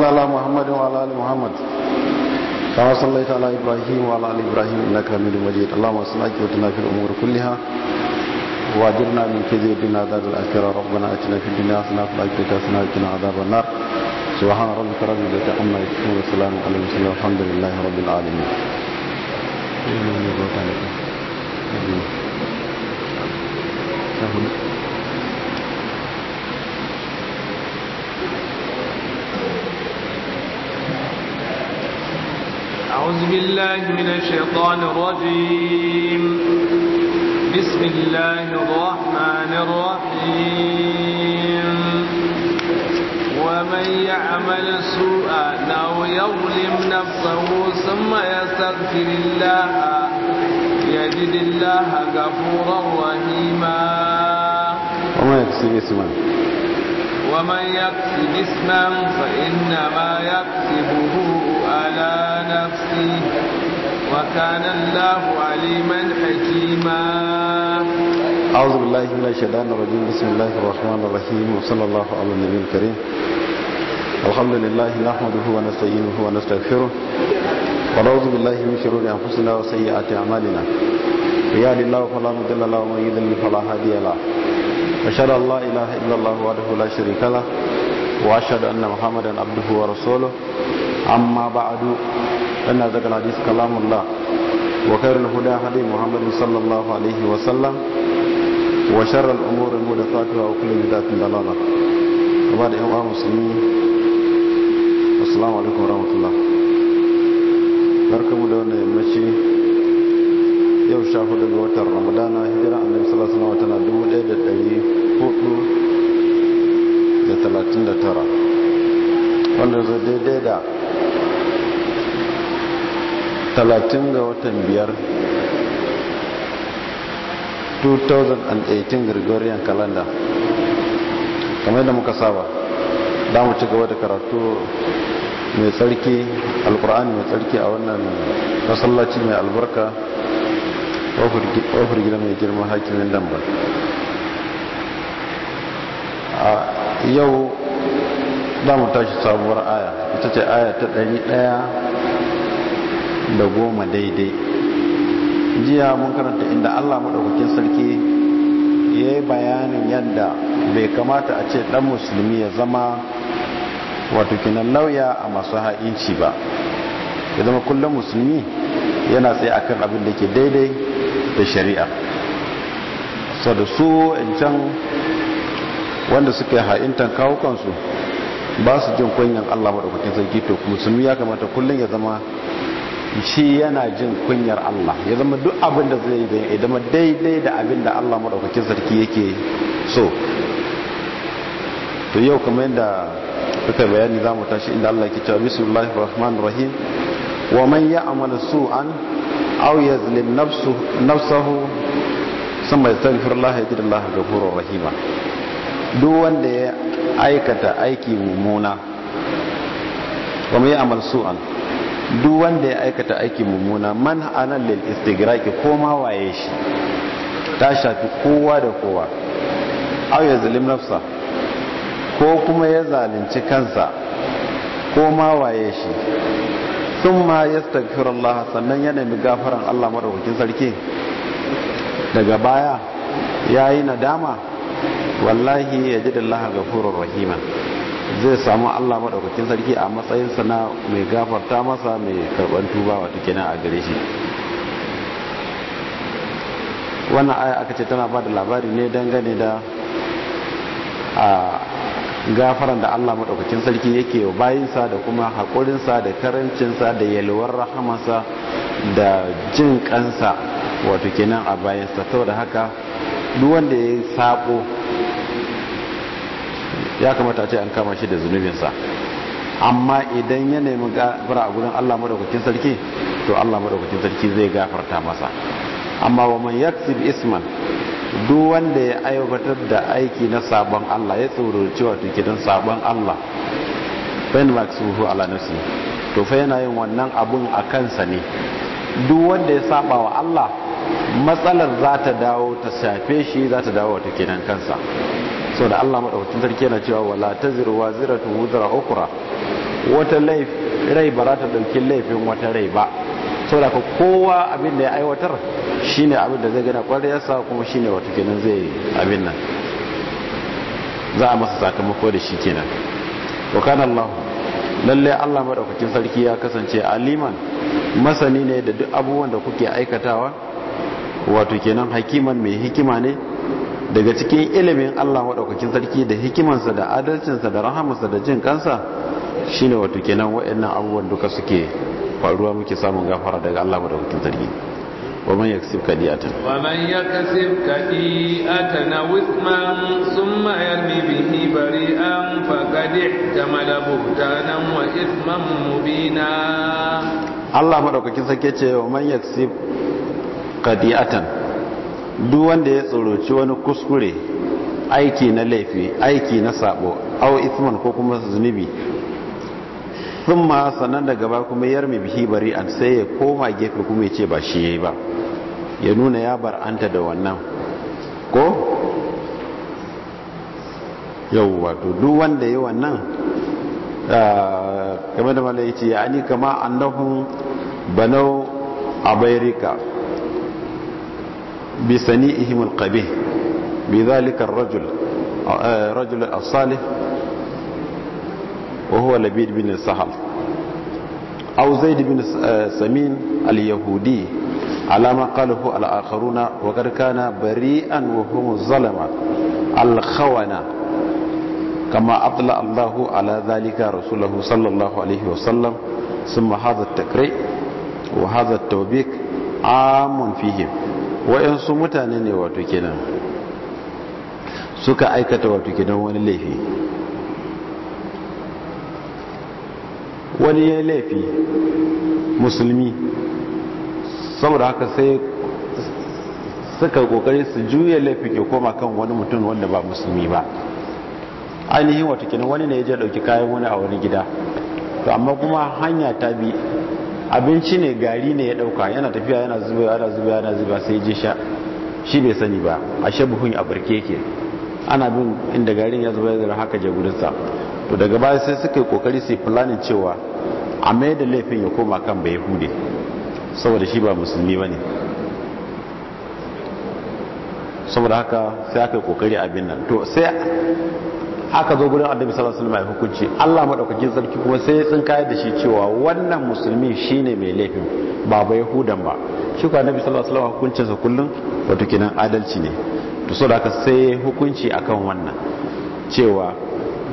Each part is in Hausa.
صل على محمد وعلى آل محمد كما صليت على إبراهيم وعلى آل إبراهيم إنك حميد مجيد اللهم اصلح عقبتنا في الأمور كلها وأجرنا من كذب الدنيا عذاب الآخرة ربنا آتنا في الدنيا حسنة وفي الآخرة حسنة واجرنا عذاب النار سبحان ربك رب العزة عما يصفون وسلام على المرسلين والحمد لله رب العالمين Thank you. أعوذ بالله من الشيطان الرجيم بسم الله الرحمن الرحيم ومن يعمل سوءا أو يظلم نفسه ثم يستغفر الله يجد الله غفورا رحيما وما يكسب اسما ومن يكسب اسما فإنما يكسبه على نفسه وكان الله عليما حكيما أعوذ بالله من الشيطان الرجيم بسم الله الرحمن الرحيم وصلى الله على النبي الكريم الحمد لله نحمده ونستعينه ونستغفره ونعوذ بالله من شرور أنفسنا وسيئات أعمالنا يهد الله فلا مضل له ومن يضلل فلا هادي له أشهد أن لا إله إلا الله وحده لا شريك له وأشهد أن محمدا عبده ورسوله أما بعد فإن ذكر الحديث كلام الله وخير الهدى هدي محمد صلى الله عليه وسلم وشر الأمور محدثاتها وكل بدعة ضلالة وبعد أيها المسلمين السلام عليكم ورحمة الله barkamu da wannan yammaci yau sha hudu ga watan ramadana hijira annabi sallallahu alaihi tana dubu ɗaya da ɗari da talatin da tara wanda zai daidai da Talatin ga watan biyar 2018 gregorian calendar kamar da muka saba da mu ci gaba da karatu mai tsarki alkur'an mai tsarki a wannan masallaci mai albarka ofar gida mai girma hakimin damba a yau damu tashi sabuwar aya ita ce aya ta ɗari ɗaya. da goma daidai jiya mun karanta inda allah maɗaukakin sarki ya yi bayanin yadda bai kamata a ce ɗan musulmi ya zama wato kinan lauya a masu ha'inci ba ya zama kullum musulmi yana tsaye akan abin da ke daidai da shari'a sada su can wanda suke ha'intan kawukansu ba su jin kunyan allah maɗaukakin sarki to musulmi ya kamata kullum ya zama shi yana jin kunyar Allah ya zama duk abin da zai yi ya zama daidai da abin da Allah maɗaukakin sarki yake so to yau kuma yadda kuka bayani za mu tashi inda Allah ke cewa bismillahir rahmanir rahim wa man ya'mal su'an aw yazlim nafsahu sama yastaghfir Allah yajid Allah ghafurur rahima duk wanda ya aikata aiki mummuna wa man ya'mal su'an duk wanda ya aikata aiki mummuna man anan lil istigraki ko ma waye shi ta shafi kowa da kowa aw ya zalim nafsa ko kuma ya zalunci kansa ko ma waye shi sun ma ya Allah sannan ya nemi gafaran Allah maraukin sarki daga baya ya yi nadama wallahi ya ji da Allah gafurur rahima zai samu Allah maɗaukacin sarki a matsayinsa na mai gafarta masa mai karɓar tuba wato kenan a gare shi wannan aya aka ce tana ba da labari ne dangane da a gafaran da Allah maɗaukacin sarki yake wa bayinsa da kuma haƙurinsa da karancinsa da yalwar rahamansa da jin kansa wato kenan a bayansa saboda haka duwanda ya yi saɓo. ya kamata a ce an kama shi da zunubinsa amma idan ya nemi gafara a gurin Allah maɗaukakin sarki to Allah maɗaukakin sarki zai gafarta masa amma wa man yaksib isman duk wanda ya aiwatar da aiki na sabon Allah ya tsoroci wato kidan sabon Allah fa yana maksuhu ala nafsi to fa yana yin wannan abun a kansa ne duk wanda ya saba wa Allah matsalar za ta dawo ta shafe shi za ta dawo ta kidan kansa da Allah madaukakin sarki yana cewa wala taziru waziratun wuzra ukra wata rai ba za ta ɗauki laifin wata rai ba saboda ka kowa abin da ya aiwatar shine abin da zai gana kwariyarsa kuma shine wato kenan zai abin nan za a masa sakamako da shi kenan wa kana Allah lalle Allah madaukakin sarki ya kasance aliman masani ne da duk abubuwan da kuke aikatawa wato kenan hakiman mai hikima ne daga cikin ilimin Allah maɗaukakin sarki da hikimansa da adalcinsa da rahamansa, da jin kansa shi ne wato kenan wa'annan abubuwan duka suke faruwa muke samun gafara daga Allah maɗaukakin sarki wa man yaksib kadi'atan wa man yaksib kadi'atan aw ithman thumma yarmi bihi bari'an faqad ihtamala buhtanan wa ithman mubina Allah maɗaukakin sarki ce wa man a tan. duk wanda ya tsoroci wani kuskure aiki na laifi aiki na sabo au isman ko kuma zunubi sun ma sannan da gaba kuma yarmi bihi bari an sai ya koma gefe kuma ya ce ba shi ya yi ba ya nuna ya bar an ta da wannan ko yau wato duk wanda ya wannan game ah, da malayi ce ya ani kama annahun banau a bairika بسنيئهم القبيح بذلك الرجل آه، رجل الصالح وهو لبيد بن السهل أو زيد بن آه، سمين اليهودي على ما قاله الآخرون وقد كان بريئا وهم الظلمة الخونة كما أطلع الله على ذلك رسوله صلى الله عليه وسلم ثم هذا التكريء وهذا التوبيك عام فيهم wa'yansu mutane ne wato kenan suka aikata wato kenan wani laifi wani ya laifi musulmi saboda haka sai suka kokari su juya laifin ya koma kan wani mutum wanda ba musulmi ba ainihin wata kenan wani ne ya je dauki kayan wani a wani gida to amma kuma hanya ta bi abinci ne gari ne ya dauka yana tafiya yana zuba yana zuba yana zuba sai je sha shi bai sani ba a buhun a barke ke ana bin inda garin ya zuba ya zara haka jagurinsa to daga baya sai suka yi kokari su planin cewa a mai da laifin ya koma kan bai hude saboda shi ba musulmi ba ne saboda haka sai aka yi kokari abin nan to sai aka zo gurin annabi sallallahu alaihi wasallam ya hukunci Allah madaukakin sarki kuma sai ya tsinkayar da shi cewa wannan musulmi shine mai laifin ba ba yahudan ba shi ko annabi sallallahu alaihi wasallam hukuncinsa kullum wato kinan adalci ne to saboda haka sai hukunci akan wannan cewa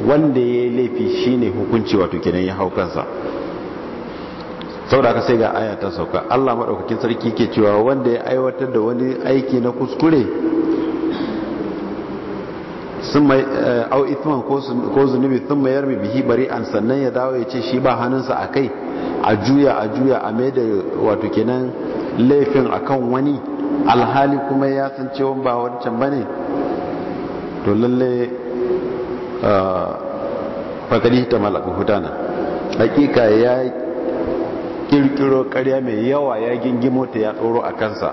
wanda ya yi laifi shine hukunci wato kenan ya hau kansa saboda haka sai ga aya ta sauka Allah madaukakin sarki ke cewa wanda ya aiwatar da wani aiki na kuskure sun mai eh, au itman ko zunubi sun mayar mai bihi bari an sannan ya dawo ya ce shi ba hannunsa a kai a juya a juya a mai da wato kenan laifin akan wani alhali kuma ya san cewa ba wancan ba ne to lalle eh, fakari ta malaka hutana hakika ya kirkiro karya mai yawa ya gingimo ta ya tsoro a kansa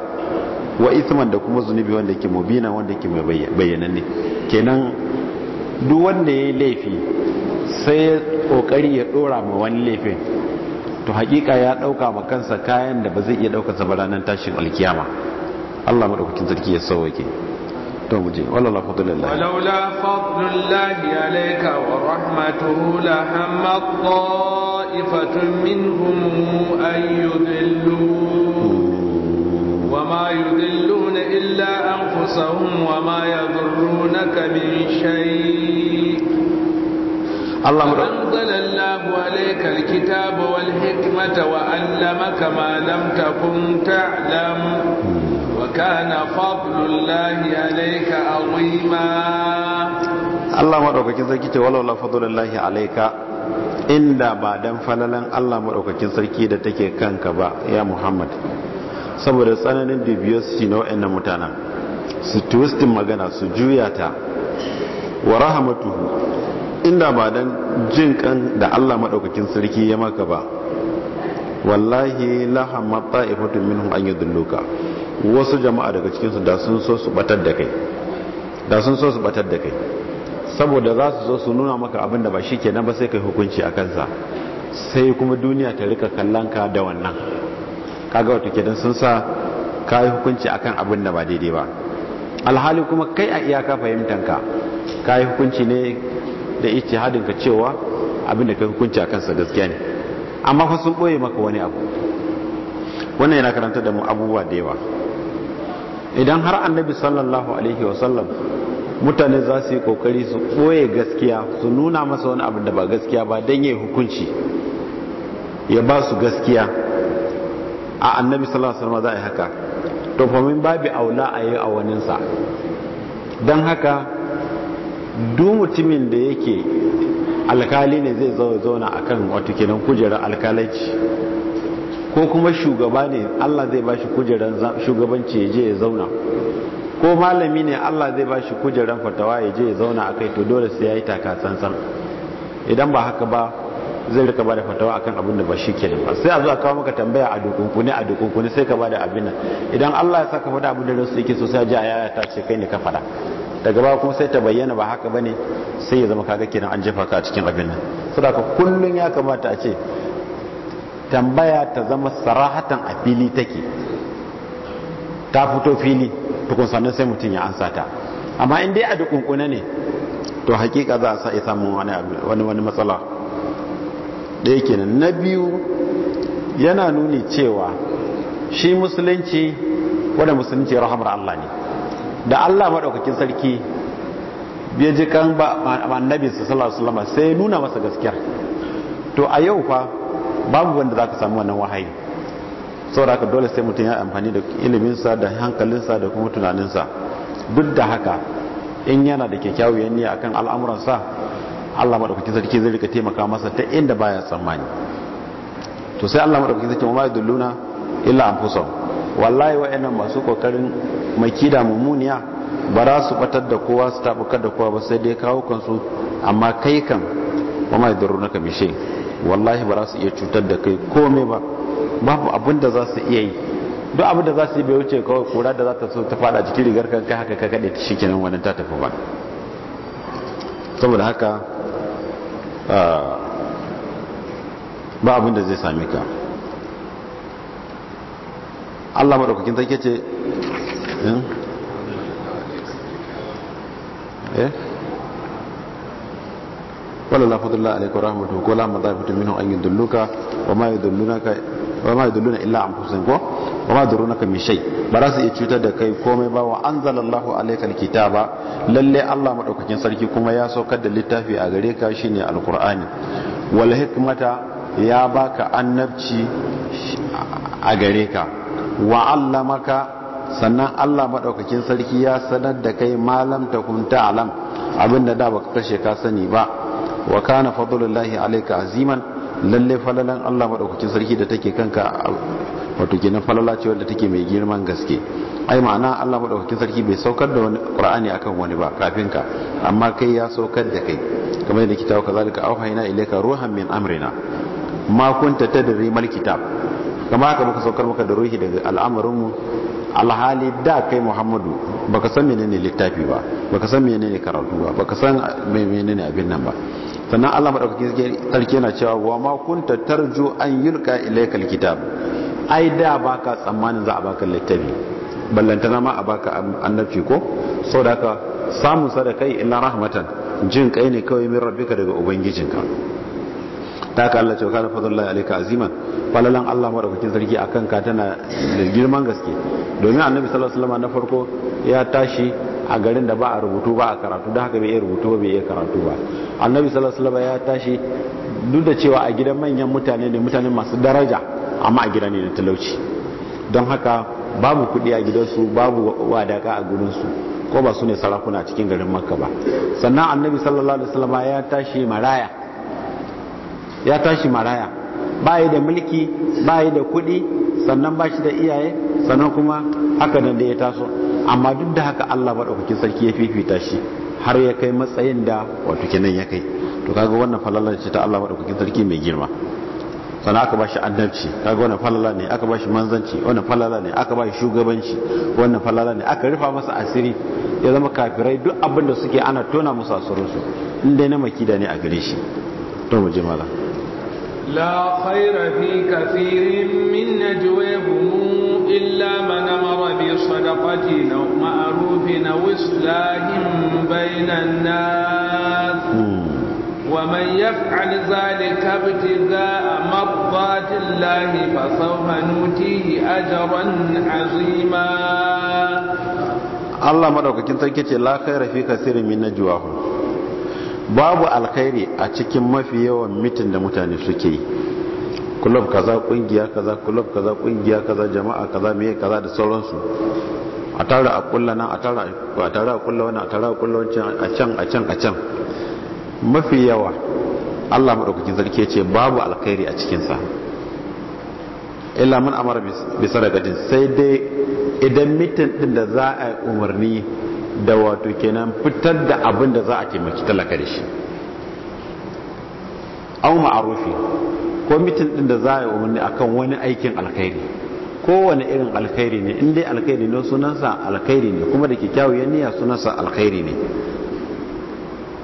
wa ithman da kuma zunubi wanda yake mubina wanda yake mai bayyananne kenan duk wanda ya yi laifi sai ya kokari ya dora ma wani laifin to hakika ya dauka ma kansa kayan da ba zai iya dauka sa baranan ranar tashin alkiyama Allah madaukakin sarki ya sauke to muje, wallahi fadlillah walaula fadlullahi alayka wa rahmatuhu la hamma ta'ifatun minhum ayyudillu أنفسهم وما يضرونك من شيء الله أنزل الله عليك الكتاب والحكمة وعلمك ما لم تكن تعلم وكان فضل الله عليك عظيما Allah maɗaukakin sarki ce walau la fadlullahi alaika inda ba dan falalan Allah maɗaukakin sarki da take kanka ba ya Muhammad saboda tsananin bibiyar su na wa'annan mutanen su twistin magana su juya ta wa rahamatuhu inda ba dan jin kan da Allah madaukakin sarki ya maka ba wallahi la hamatta minhum an yadulluka wasu jama'a daga cikin su da sun so su batar da kai da sun so su batar da kai saboda za su so su nuna maka abin da ba shi nan ba sai kai hukunci a kansa sai kuma duniya ta rika kallon ka da wannan kaga ke don sun sa kai hukunci akan abin da ba daidai ba alhali kuma kai a iyaka fahimtanka ka yi hukunci ne da ita ka cewa abinda ka kai hukunci a kansa gaskiya ne amma fa sun ɓoye maka wani abu wannan yana karanta da mu abubuwa da yawa idan har annabi sallallahu alaihi wasallam mutane za su yi kokari su ɓoye gaskiya su nuna masa wani abu da ba gaskiya ba don yi hukunci ya ba su gaskiya a annabi sallallahu alaihi wasallam za a yi haka to babu aula a yi a waninsa don haka duk mutumin da yake alkali ne zai zauna a kan wata kenan kujerar alkalaci ko kuma shugaba ne allah zai ba shi kujerar shugabanci ya je ya zauna ko malami ne allah zai ba shi kujerar fatawa ya je ya zauna a kai to dole sai ya yi taka idan ba haka ba zai rika bada fatawa akan abin da ba shi ba sai a zuwa kawo maka tambaya a ne a ne sai ka bada abin nan idan Allah ya saka fada abin da rasu yake so sai ji yaya ta ce kai ne ka fada daga ba kuma sai ta bayyana ba haka bane sai ya zama kaga kenan an jefa ka a cikin abin nan saboda kullun ya kamata a ce tambaya ta zama sarahatan a fili take ta fito fili tukun sannan sai mutum ya ansa ta amma in dai a dukunkuna ne to hakika za a sa samu wani wani matsala ɗaya kenan na biyu yana nuni cewa shi musulunci wadda musulunci rahamar Allah ne da Allah maɗaukakin sarki bai ji kan ba annabi sallallahu alaihi sai nuna masa gaskiyar to a yau fa babu wanda zaka samu wannan wahayi saboda aka dole sai mutum ya amfani da iliminsa da hankalinsa da kuma tunaninsa duk da haka in yana da kyakkyawan niyya akan al'amuransa Allah madaukakin sarki zai rika taimaka masa ta inda baya tsammani to sai Allah madaukakin sarki ma yadulluna illa anfusahum wallahi wa'annan masu kokarin kida mumuniya ba za su batar da kowa su tabukar da kowa ba sai dai kawo kansu amma kai kan ba ma yadurruna ka mishe wallahi ba za su iya cutar da kai komai ba babu abin da za su iya yi duk abin da za su yi bai wuce kawai kura da za ta so ta fada cikin rigar kan kai haka ka kaɗe ta shi kenan wannan ta tafi ba saboda haka Ah, ba abin da zai same ka Allah maɗaukakin take ce hmm? eh walla fadl llah alayka rahmatuhu ko la madafatu minhu an yudulluka wama yudullunaka wama yudulluna illa anfusuhum ko wama yudurunaka min shay bara su cutar da kai komai ba wa anzala llahu alayka alkitaba lalle allah madaukakin sarki kuma ya so saukar da littafi a gare ka shine alqur'ani wal hikmata ya baka annabci a gare ka wa allamaka sannan allah madaukakin sarki ya sanar da kai malam takunta alam abinda da baka kashe ka sani ba wa kana fadlullahi alayka aziman lalle falalan Allah madaukakin sarki da take kanka wato kenan falala ce wanda take mai girman gaske ai ma'ana Allah madaukakin sarki bai saukar da wani Qur'ani akan wani ba kafin ka amma kai ya saukar da kai kamar yadda kitabu kazalika auhayna ilayka ruhan min amrina ma kunta tadri mal kitab kamar haka muka saukar maka da ruhi daga al'amarin mu alhali da kai muhammadu baka san menene littafi ba baka san menene karatu ba baka san menene abin nan ba sannan Allah maɗaukakin sarki yana cewa wa ma kunta tarju an yulqa ilaykal kitab ai da baka tsammanin za a baka littafi ballantana ma a baka annabci ko da haka samun sadaka illa rahmatan jin kai ne kawai min rabbika daga ubangijinka ta ka Allah ce kana fadlullahi alayka aziman falalan Allah maɗaukakin sarki akan ka tana da girman gaske domin annabi sallallahu alaihi wasallam na farko ya tashi a garin da ba a rubutu ba a karatu da haka bai iya rubutu ba bai iya karatu ba annabi sallallahu alaihi wasallam ya tashi duk da cewa a gidan manyan mutane ne mutane masu daraja amma a gida ne da talauci don haka babu kuɗi a gidansu babu wadaka a gurinsu ko ba su ne sarakuna cikin garin makka ba sannan annabi sallallahu alaihi wasallam ya tashi maraya ya tashi maraya ba yi da mulki ba yi da kuɗi sannan ba shi da iyaye sannan kuma haka nan da ya taso amma duk da haka Allah maɗaukakin sarki ya fifita shi har ya kai matsayin da wato kenan ya kai to kaga wannan falala ce ta Allah maɗaukakin sarki mai girma sannan aka bashi annabci kaga wannan falala ne aka bashi manzanci wannan falala ne aka bashi shugabanci wannan falala ne aka rufa masa asiri ya zama kafirai duk abin da suke ana tona musu asirinsu in dai na makida ne a gare shi to mu je malam لا خير في كثير من إلا من أمر بصدقة أو معروف أو إصلاح بين الناس ومن يفعل ذلك ابتغاء مرضات الله فسوف نؤتيه أجرا عظيما Allah madaukakin sarki ce la khaira fi kasirin min najwahum babu alkhairi a cikin mafi yawan mitin da mutane suke yi club kaza kungiya kaza club kaza kungiya kaza jama'a kaza meye kaza da sauransu a tara a kulla nan a tara a tara a kulla wannan a tara a kulla wancan a can a can a can mafi yawa Allah madaukakin sarki ya ce babu alkhairi a cikin sa illa man amara bi sadaqatin sai dai idan mitin din da za a yi umarni da wato kenan fitar da abin da za a taimaki talaka da shi a ma'arufi ko mitin din da za a yi umarni kan wani aikin alkhairi kowane irin alkhairi ne in dai alkhairi ne sunansa alkhairi ne kuma da kyakkyawar niyya sunansa alkhairi ne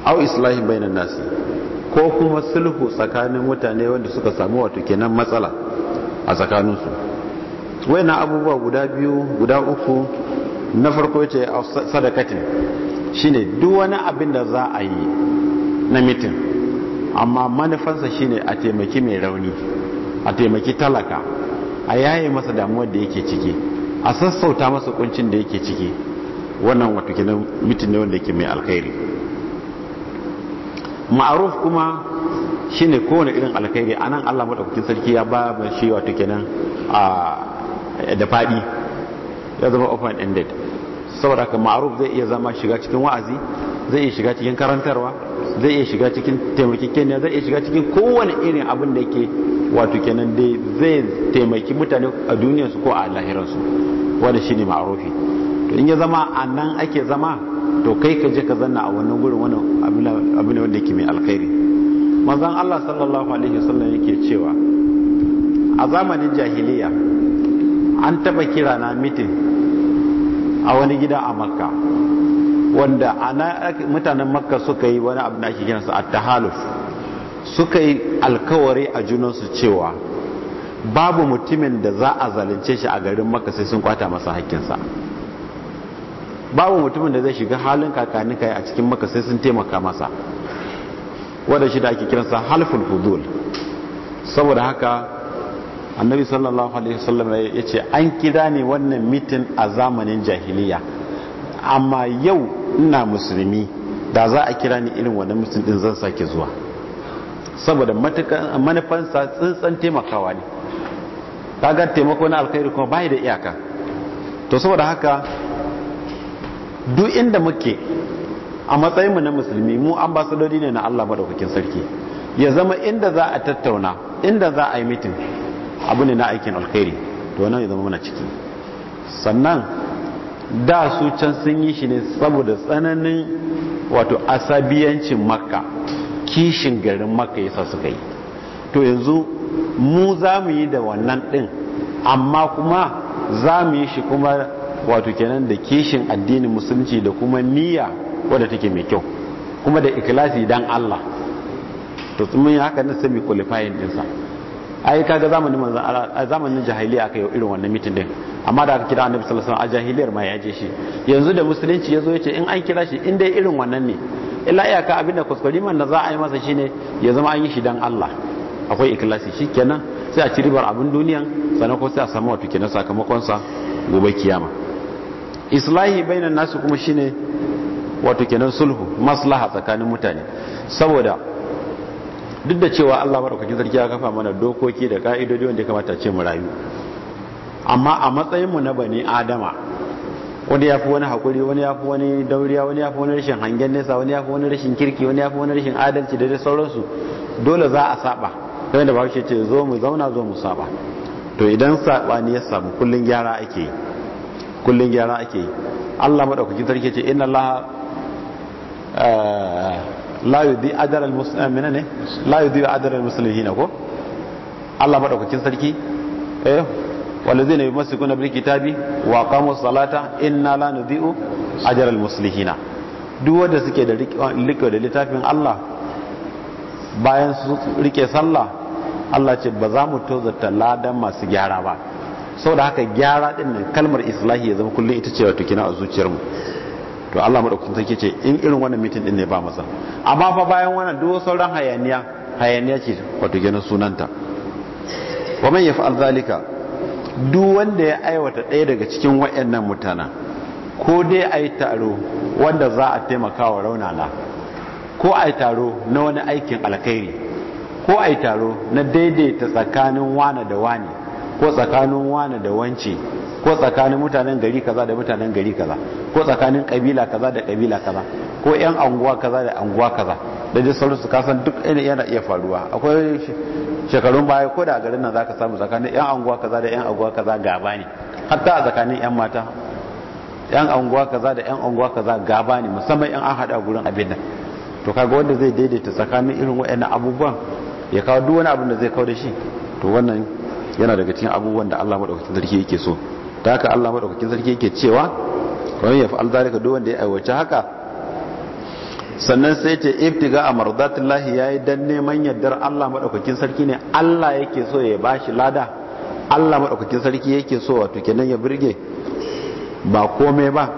au islahi bainan nasi ko kuma sulhu tsakanin mutane wanda suka samu wato kenan matsala a tsakaninsu Wai na abubuwa guda biyu guda uku na farko ce a sadakatin shine duk wani abin da za a yi na mitin amma manufarsa shine a taimaki mai rauni a taimaki talaka a yaye masa damuwar da yake ciki a sassauta masa kuncin da yake ciki wannan wato kenan mutum ne wanda yake mai alkhairi ma'aruf kuma shine kowane irin alkhairi anan Allah madaukakin sarki ya ba shi wato da fadi ya zama open ended saboda ka ma'aruf zai iya zama shiga cikin wa'azi zai iya shiga cikin karantarwa zai iya shiga cikin taimakekeniya zai iya shiga cikin kowane irin abin da yake wato kenan dai zai taimaki mutane a duniyarsu ko a lahirarsu wanda shine ma'arufi to in ya zama a nan ake zama to kai ka je ka zanna a wannan gurin wani abin wanda yake mai alkhairi manzon Allah sallallahu alaihi wasallam yake cewa a zamanin jahiliya an taba kira na mitin a wani gida a makka wanda ana mutanen makka suka yi wani abin da ake kiransa at-tahaluf suka yi alkawari a junansu cewa babu mutumin da za a zalunce shi a garin makka sai sun kwata masa hakkinsa babu mutumin da zai shiga halin kakanni kai a cikin makka sai sun taimaka masa wanda shi da ake kiransa halful fudul saboda haka annabi sallallahu alaihi wasallam ya ce an kira ne wannan mitin a zamanin jahiliya amma yau ina musulmi da za a kira ni irin wannan mitin din zan sake zuwa saboda manufansa tsintsan taimakawa ne kaga taimako na alkhairi kuma bai da iyaka to saboda haka duk inda muke a matsayinmu na musulmi mu ambasadodi ne na Allah madaukakin sarki ya zama inda za a tattauna inda za a yi mitin abu ne na aikin alkhairi to wannan ya zama mana ciki sannan da su can sun yi shi ne saboda tsananin wato asabiyancin makka kishin garin makka yasa suka yi to yanzu mu za mu yi da wannan din, amma kuma za mu yi shi kuma wato kenan da kishin addinin musulunci da kuma niyya wadda take mai kyau kuma da ikilasi dan Allah to tsumin haka na semi qualifying sa. ai kaga zamanin manzon a zamanin jahiliya aka yi irin wannan mitin din amma da aka kira annabi sallallahu alaihi wasallam a jahiliyar ma ya je shi yanzu da musulunci yazo yace in an kira shi in dai irin wannan ne illa iyaka abinda kuskuriman da za a yi masa shine ya zama an yi shi dan Allah akwai ikhlasi shikenan sai a ci ribar abin duniyan sannan ko sai a samu wato kenan sakamakon sa gobe kiyama islahi bainan nasu kuma shine wato kenan sulhu maslaha tsakanin mutane saboda duk da cewa Allah madaukakin sarki ya kafa mana dokoki da ka'idodi wanda ya kamata ce mu rayu amma a matsayinmu na bani adama wani ya fi wani haƙuri, wani ya fi wani dauriya wani ya fi wani rashin hangen nesa wani ya fi wani rashin kirki wani ya fi wani rashin adalci da dai sauransu dole za a saba don da bahaushe ce zo mu zauna zo mu saba to idan sabani ya samu kullun gyara ake yi kullun gyara ake yi Allah madaukakin sarki ce inna Allah eh, Layu yudi ajra al muslimina ne layu yudi ajra al muslimina ko Allah madaukakin sarki eh walladhina yumsikuna bil kitabi wa aqamus salata inna la nudiu ajra al muslimina duk wanda suke da rike da littafin Allah bayan su rike sallah Allah ce ba za mu tozarta ladan masu gyara ba sau da haka gyara ɗin nan kalmar islahi ya zama kullum ita ce wa tukina a zuciyarmu to Allah madaukakin sarki ce in irin wannan mitin din ne ba masa amma fa bayan wannan duk sauran hayaniya hayaniya ce wato gina sunanta wa man yaf'al zalika duk wanda ya aiwata ɗaya daga cikin wayannan mutana ko dai ayi taro wanda za a taimaka wa raunana ko ayi taro na wani aikin alkhairi ko ayi taro na daidaita tsakanin wani da wani ko tsakanin wani da wance ko tsakanin mutanen gari kaza da mutanen gari kaza ko tsakanin kabila kaza da kabila kaza ko yan anguwa kaza da anguwa kaza da dai sauransu kasan duk yana iya faruwa akwai shekarun baya ko da garin nan zaka samu tsakanin yan anguwa kaza da yan anguwa kaza gaba ne hatta a tsakanin yan mata yan anguwa kaza da yan anguwa kaza gaba ne musamman yan an hada gurin abin nan to kaga wanda zai daidaita tsakanin irin waɗannan abubuwan ya kawo duk wani abin da zai kawo da shi to wannan yana daga cikin abubuwan da Allah madaukakin sarki yake so ta haka Allah maɗaukakin sarki yake cewa wa ya fa'al alzarika duk wanda ya aiwace haka sannan sai ce ibtiga a ya yi dan neman yardar Allah maɗaukakin sarki ne Allah yake so ya bashi lada Allah maɗaukakin sarki yake so wa tuke nan ya birge ba komai ba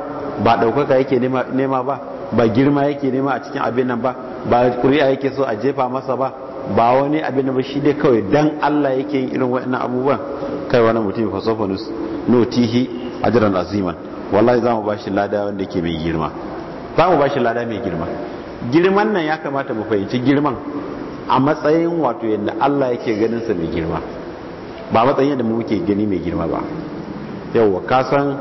ba ɗaukaka yake nema ba ba girma yake nema a cikin abin nan ba ba kuri'a yake so a jefa masa ba ba wani abin ba shi dai kawai dan Allah yake yin irin wa'annan abubuwan kai wani mutum fa sofa a ajran aziman wallahi za mu bashi lada wanda yake mai girma za mu bashi lada mai girma girman nan ya kamata mu fahimci girman a matsayin wato yadda Allah yake ganin sa mai girma ba matsayin yadda muke gani mai girma ba Yau ka san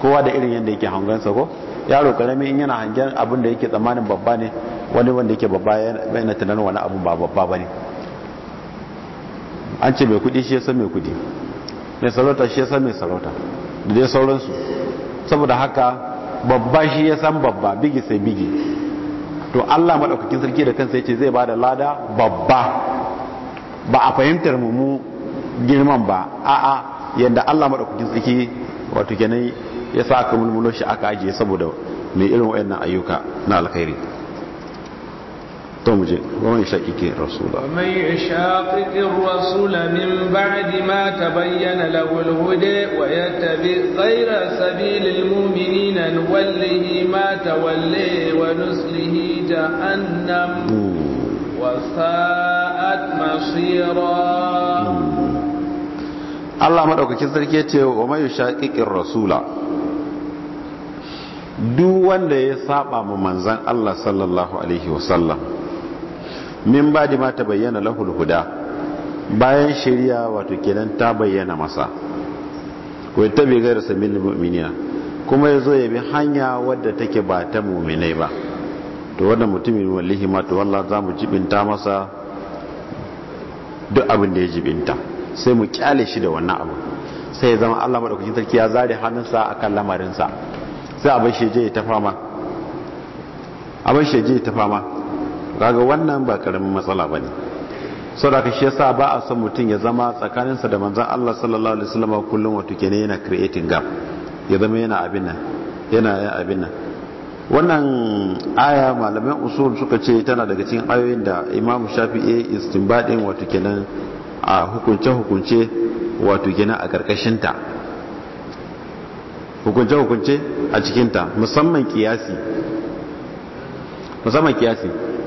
kowa da irin yadda yake hangansa ko yaro karami in yana hangen abin da yake tsammanin babba ne wani wanda yake babba yana tunanin wani abu ba babba ba ne an ce mai kudi shi ya san mai kudi mai sarauta shi ya san mai sarauta da dai sauransu saboda haka babba shi ya san babba bigi sai bigi to allah maɗaukakin sarki da kansa ya ce zai ba da lada babba ba a fahimtar mu girman ba a'a yadda allah maɗaukakin sarki wato kenan ya sa aka mulmulo shi aka ajiye saboda mai irin wayannan ayyuka na alkhairi to muje wannan shaqiqi rasul mai shaqiqi rasul min ba'di ma tabayyana lahu al-huda wa yattabi ghayra sabilil mu'minina nwallihi ma tawalla wa nuslihi jahannam wa sa'at masira Allah madaukakin sarki ya ce wa mai shaqiqi rasula duk wanda ya saɓa ma manzon Allah sallallahu alaihi wa min ba ma ta bayyana lahul huda bayan shari'a wato kenan ta bayyana masa ko ta bi gaira min mu'minina kuma yazo ya bi hanya wadda take ba ta mu'minai ba to wannan mutumin wallahi ma to wallahi zamu jibinta masa duk abin da ya jibinta sai mu kyale shi da wannan abu sai ya zama Allah madaukakin sarki ya zare hannunsa akan lamarinsa sai abin shi je ya tafa ma. abin shi je ta kaga wannan ba karamin matsala bane saboda shi yasa ba a son mutum ya zama tsakaninsa da manzon Allah sallallahu alaihi wasallam kullum wato kenan yana creating gap ya zama yana abin nan yana abin nan wannan aya malaman usul suka ce tana daga cikin ayoyin da imamu shafi'i istinbadin wato kenan a hukunce hukunce wato kenan a karkashin ta hukunce hukunce a cikin ta musamman kiyasi musamman kiyasi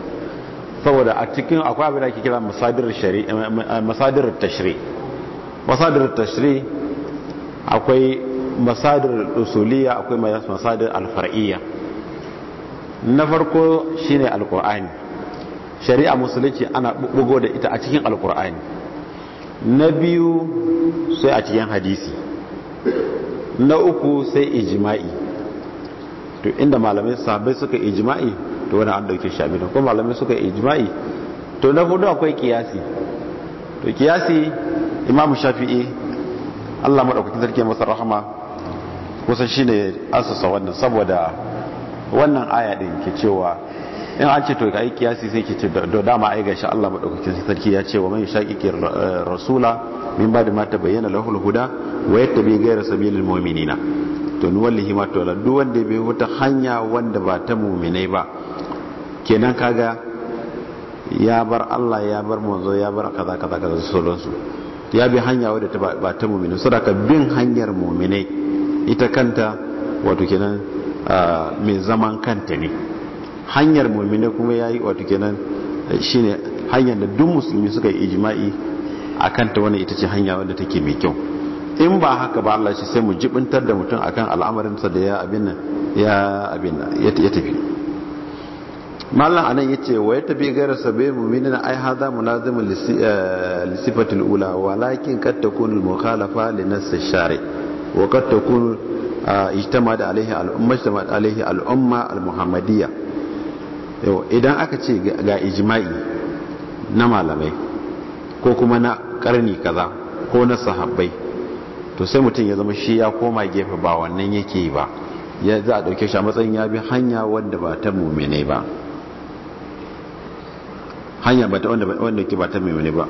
saboda a cikin akwai abin da ake kira masadir eh, tashri masadirar tashri akwai masadir usuliyya akwai masadir alfar'iyya na farko shine alkur'ani shari'a musulunci ana bugo da ita a cikin alkur'ani na biyu sai a cikin hadisi na uku sai ijima'i to inda malamai sabai suka ijima'i to wani an dauke shi ko malamai suka ijma'i to na hudu akwai kiyasi to kiyasi imam shafi'i Allah maɗaukakin sarki masa rahama kusan shi ne asusa wannan saboda wannan aya din ke cewa in an ce to yi kiyasi sai ke ce da dama ai gashi Allah maɗaukakin sarki ya ce wa man ke rasula min bada ma mata bayyana lahul huda wa yattabi ghayra sabilil mu'minina to wallahi ma to duk wanda bai wuta hanya wanda ba ta mu'minai ba kenan kaga ya bar Allah ya bar manzo ya bar kaza kaza kaza sauransu ya bi hanya wadda ta ba ta mu'mini saboda bin hanyar mumini ita kanta wato kenan mai zaman kanta ne hanyar mumini kuma yayi wato kenan shine hanyar da duk musulmi suka yi ijma'i a kanta wannan ita ce hanya wadda take mai kyau in ba haka ba Allah shi sai mu jibintar da mutum akan al'amarin sa da ya abin nan ya abin nan ya tafi mallan anan yace wa yatabi ghayra sabil mu'minina ai hadha munazimun lisifatil eh, ula walakin kad takunu mukhalafa li nass shari wa kad takunu eh, ijtama'at alaihi al-umma ijtama'at alaihi al-umma al-muhammadiyya yau idan aka ce ga ijma'i na malamai ko kuma na karni kaza ko na sahabbai to sai mutum ya zama shi ya koma gefe ba wannan yake ba ya za a ɗauke shi a matsayin ya bi hanya wanda ba ta mumine ba hanya ba ta wanda wanda ke ba ta mai wani ba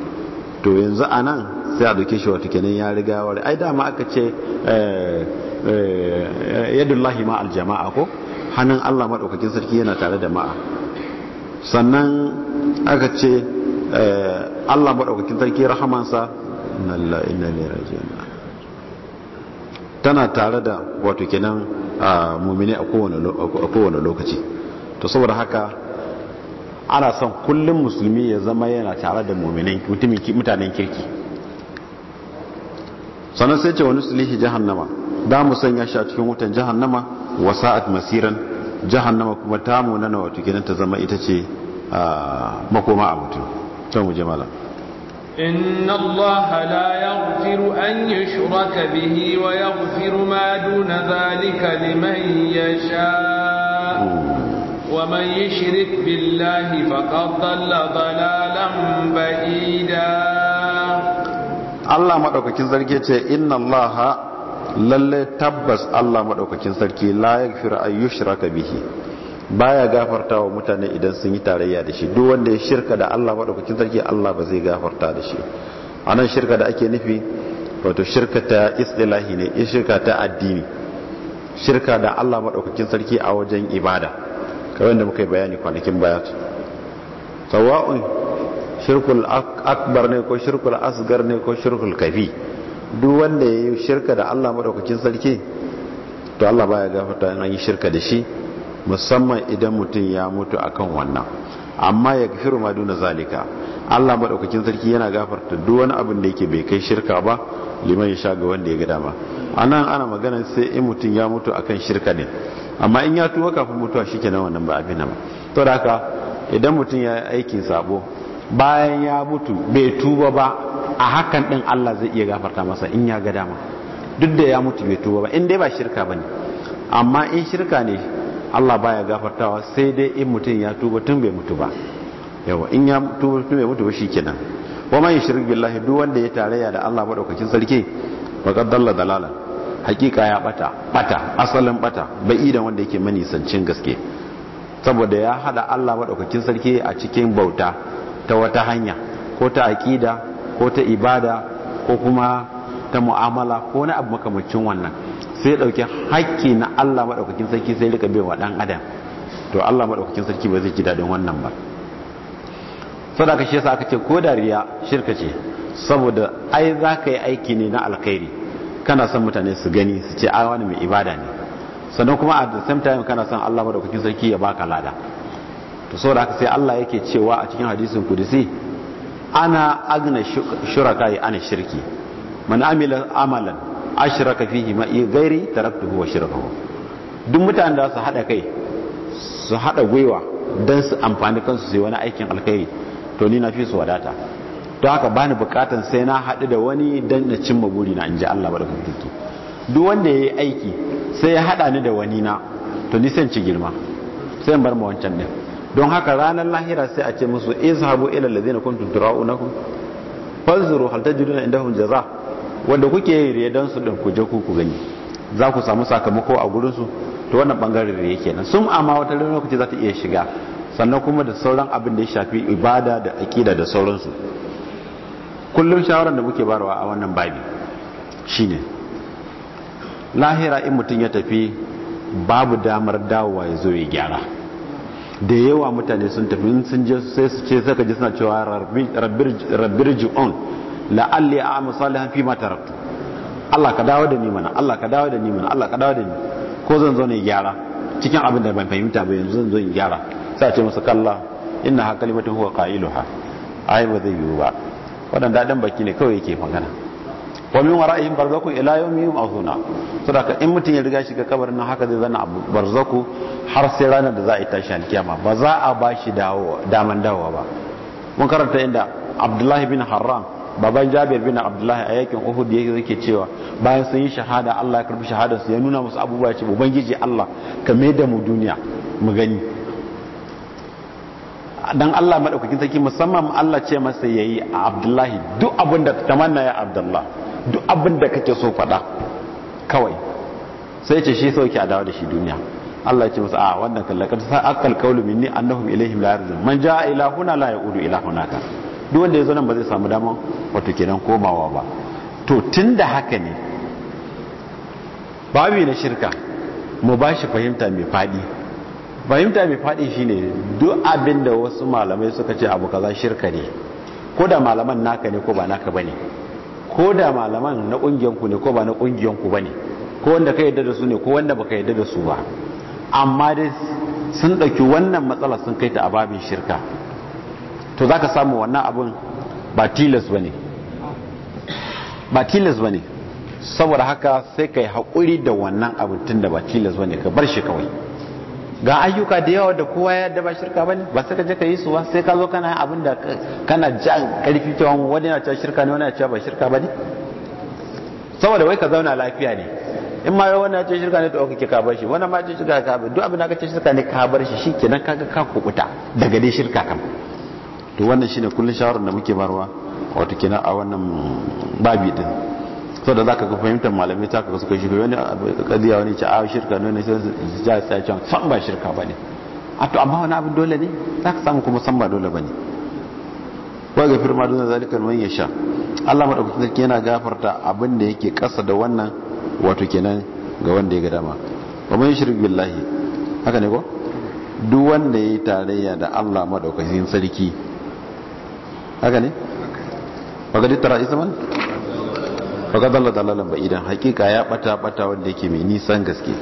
to yanzu a nan sai a doke shi wata kenan ya riga wari ai dama aka ce eh, eh, yadullahi ma aljama'a ko hannun Allah maɗaukakin sarki yana tare da ma'a sannan aka ce eh, Allah maɗaukakin sarki rahamansa nalla inna ne rajiyana tana tare da wato kenan ah, mumini a kowane lokaci to saboda haka ana son kullum musulmi ya zama yana tare da mutanen kirki sannan sai ce wani sulihi jahannama da mu sanya shi a cikin wutan jahannama wasa'at masiran jahannama kuma ta munana wato gidan ta zama ita ce makoma a mutum la mu je an إن الله لا يغفر أن يشرك به ويغفر ما دون ذلك لمن يشاء ومن يشرك بالله فقد ضل ضلالا بعيدا الله مدوكاكين سركي ce inna allaha lalle tabbas Allah maɗaukakin sarki la yaghfiru ay yushraka bihi baya gafarta wa mutane idan sun yi tarayya da shi duk wanda ya shirka da Allah madaukakin sarki Allah ba zai gafarta da shi anan shirka da ake nufi wato shirka ta istilahi ne shirka ta addini shirka da Allah madaukakin sarki a wajen ibada wanda muka yi bayani kwanakin baya sawa'un shirkul akbar ne ko shirkul asgar ne ko shirkul kafi duk wanda ya yi shirka da Allah maɗaukacin sarki to Allah baya gafata an yi shirka da shi musamman idan mutum ya mutu akan wannan amma ya fi ma duna zalika Allah maɗaukakin sarki yana gafarta duk wani abin da yake bai kai shirka ba liman ya sha ga wanda ya ga dama anan ana magana sai in mutum ya mutu akan shirka ne amma in ya tuwa kafin mutuwa shikenan wannan ba abin nan to da haka idan mutum ya yi aikin sabo bayan ya mutu bai tuba ba a hakan din Allah zai iya gafarta masa in ya ga dama duk da ya mutu bai tuba ba in dai ba shirka bane amma in shirka ne Allah baya gafartawa sai dai in mutum ya tuba tun bai mutu ba yawa in ya tuba tun bai mutu ba shikenan wa man yushrik billahi duk wanda ya tarayya da Allah madaukakin sarki ba faqad dalla dalala hakika ya bata bata asalin bata bai ida wanda yake manisancin gaske saboda ya hada Allah madaukakin sarki a cikin bauta ta wata hanya ko ta aqida ko ta ibada ko kuma ta mu'amala ko na abu makamancin wannan sai dauke hakki na Allah madaukakin sarki sai rika bai wa dan adam to Allah madaukakin sarki ba zai ji dadin wannan ba saboda ka shi yasa aka ce ko dariya shirka ce saboda ai za ka yi aiki ne na alkhairi kana son mutane su gani su ce ai wani mai ibada ne sannan kuma a the same time kana son Allah madaukakin sarki ya baka lada to saboda haka sai Allah yake cewa a cikin hadisin kudusi ana agna shuraka ya ana shirki man amila amalan ashraka fihi ma ghairi taraktuhu wa shirkahu duk mutanen da su hada kai su hada gwiwa dan su amfani kansu su yi wani aikin alkhairi to ni na fi su wadata to haka bani bukatan sai na haɗu da wani dan na cimma burina in ji Allah ba da duk wanda ya yi aiki sai ya haɗa ni da wani na to ni sai ci girma sai bar ma wancan ne. don haka ranar lahira sai a ce musu izhabu ila alladhina kuntum turaunakum fanzuru hal tajiduna indahum jaza wanda kuke yi riya don su din ku je ku ku gani za ku samu sakamako a gurin su to wannan bangaren riya kenan sun amma wata lokaci za ta iya shiga sannan kuma da sauran abin da ya shafi ibada da aƙida da sauransu kullum shawarar da muke barawa a wannan babi shine lahira in mutum ya tafi babu damar dawowa ya zo ya gyara da yawa mutane sun tafi sun je sai su ce saka ji suna cewa rabbir ji'on la'alli a misalihan fi ma rabtu. Allah ka dawo da ni mana Allah ka dawo da ni mana Allah ka dawo da ni ko zan zo ne gyara cikin abin da ban fahimta ba yanzu zan zo in gyara sai ce musu kalla inna ha kalimatu huwa a yi ba zai yiwu ba waɗanda dadin baki ne kawai yake magana wa min wara'ihim barzaku ila su da ka in mutum ya riga shi ga kabarin nan haka zai zana a barzaku har sai ranar da za a yi tashi alkiyama ba za a ba shi daman dawowa ba mun karanta inda abdullahi bin haram baban jabir bin abdullahi a yakin uhud ya yake cewa bayan sun yi shahada Allah ya karbi shahadar su ya nuna musu abubuwa ya ce ubangiji Allah ka mai da mu duniya mu gani dan Allah madaukakin sarki musamman Allah ce masa yayi Abdullahi duk abin da tamanna ya Abdullah duk abin da kake so faɗa kawai sai ce shi sauki a dawo da shi duniya Allah ce masa a wannan kallakar sa akal qawlu minni annahum ilayhim la yarjun man jaa ila huna la yaudu ila hunaka duk wanda yazo nan ba zai samu dama wato kenan komawa ba to tunda haka ne babu na shirka mu bashi fahimta mai fadi fahimta mai faɗi shine duk abin da wasu malamai suka ce abu kaza shirka ne ko da malaman naka ne ko ba naka bane ko da malaman na ƙungiyanku ne ko ba na ƙungiyanku bane ko wanda ka yadda da su ne ko wanda baka yadda da su ba amma dai sun ɗauki wannan matsala sun kai ta a babin shirka to za ka samu wannan abin ba tilas ba ne ba tilas ba ne saboda haka sai ka yi haƙuri da wannan abin tun da ba tilas ba ne ka bar shi kawai ga ayyuka da yawa da kowa ya ba shirka ba ne ba sai ka je ka yi su ba sai ka zo kana abin da kana jan karfi cewa wani na cewa shirka ne wani na cewa ba shirka ba ne saboda wai ka zauna lafiya ne in ma wani ya ce shirka ne to ka ka bar shi wani ma ya ce shirka ka bar duk abin da ka ce shirka ne ka bar shi shikenan kaga ka kubuta daga dai shirka kam to wannan shine kullun shawarar da muke barwa wato kenan a wannan babi din so da zaka ga fahimtar malamai ta kaga suka shiga wani kadiya wani ce a ah, shirka ne sai ja sai can san ba shirka bane a to amma wani abin dole ne Za ka samu kuma san ba dole bane wa ga firma dun zalika man yasha Allah madaukakin sarki yana gafarta abin da yake kasa da wannan wato kenan ga wanda ya ga dama wa man shirk billahi haka ne ko duk wanda ya yi tarayya da Allah madaukakin sarki haka ne ba ga dittara isa faga dalla dalalan ba idan hakika ya bata bata wanda yake mai nisan gaske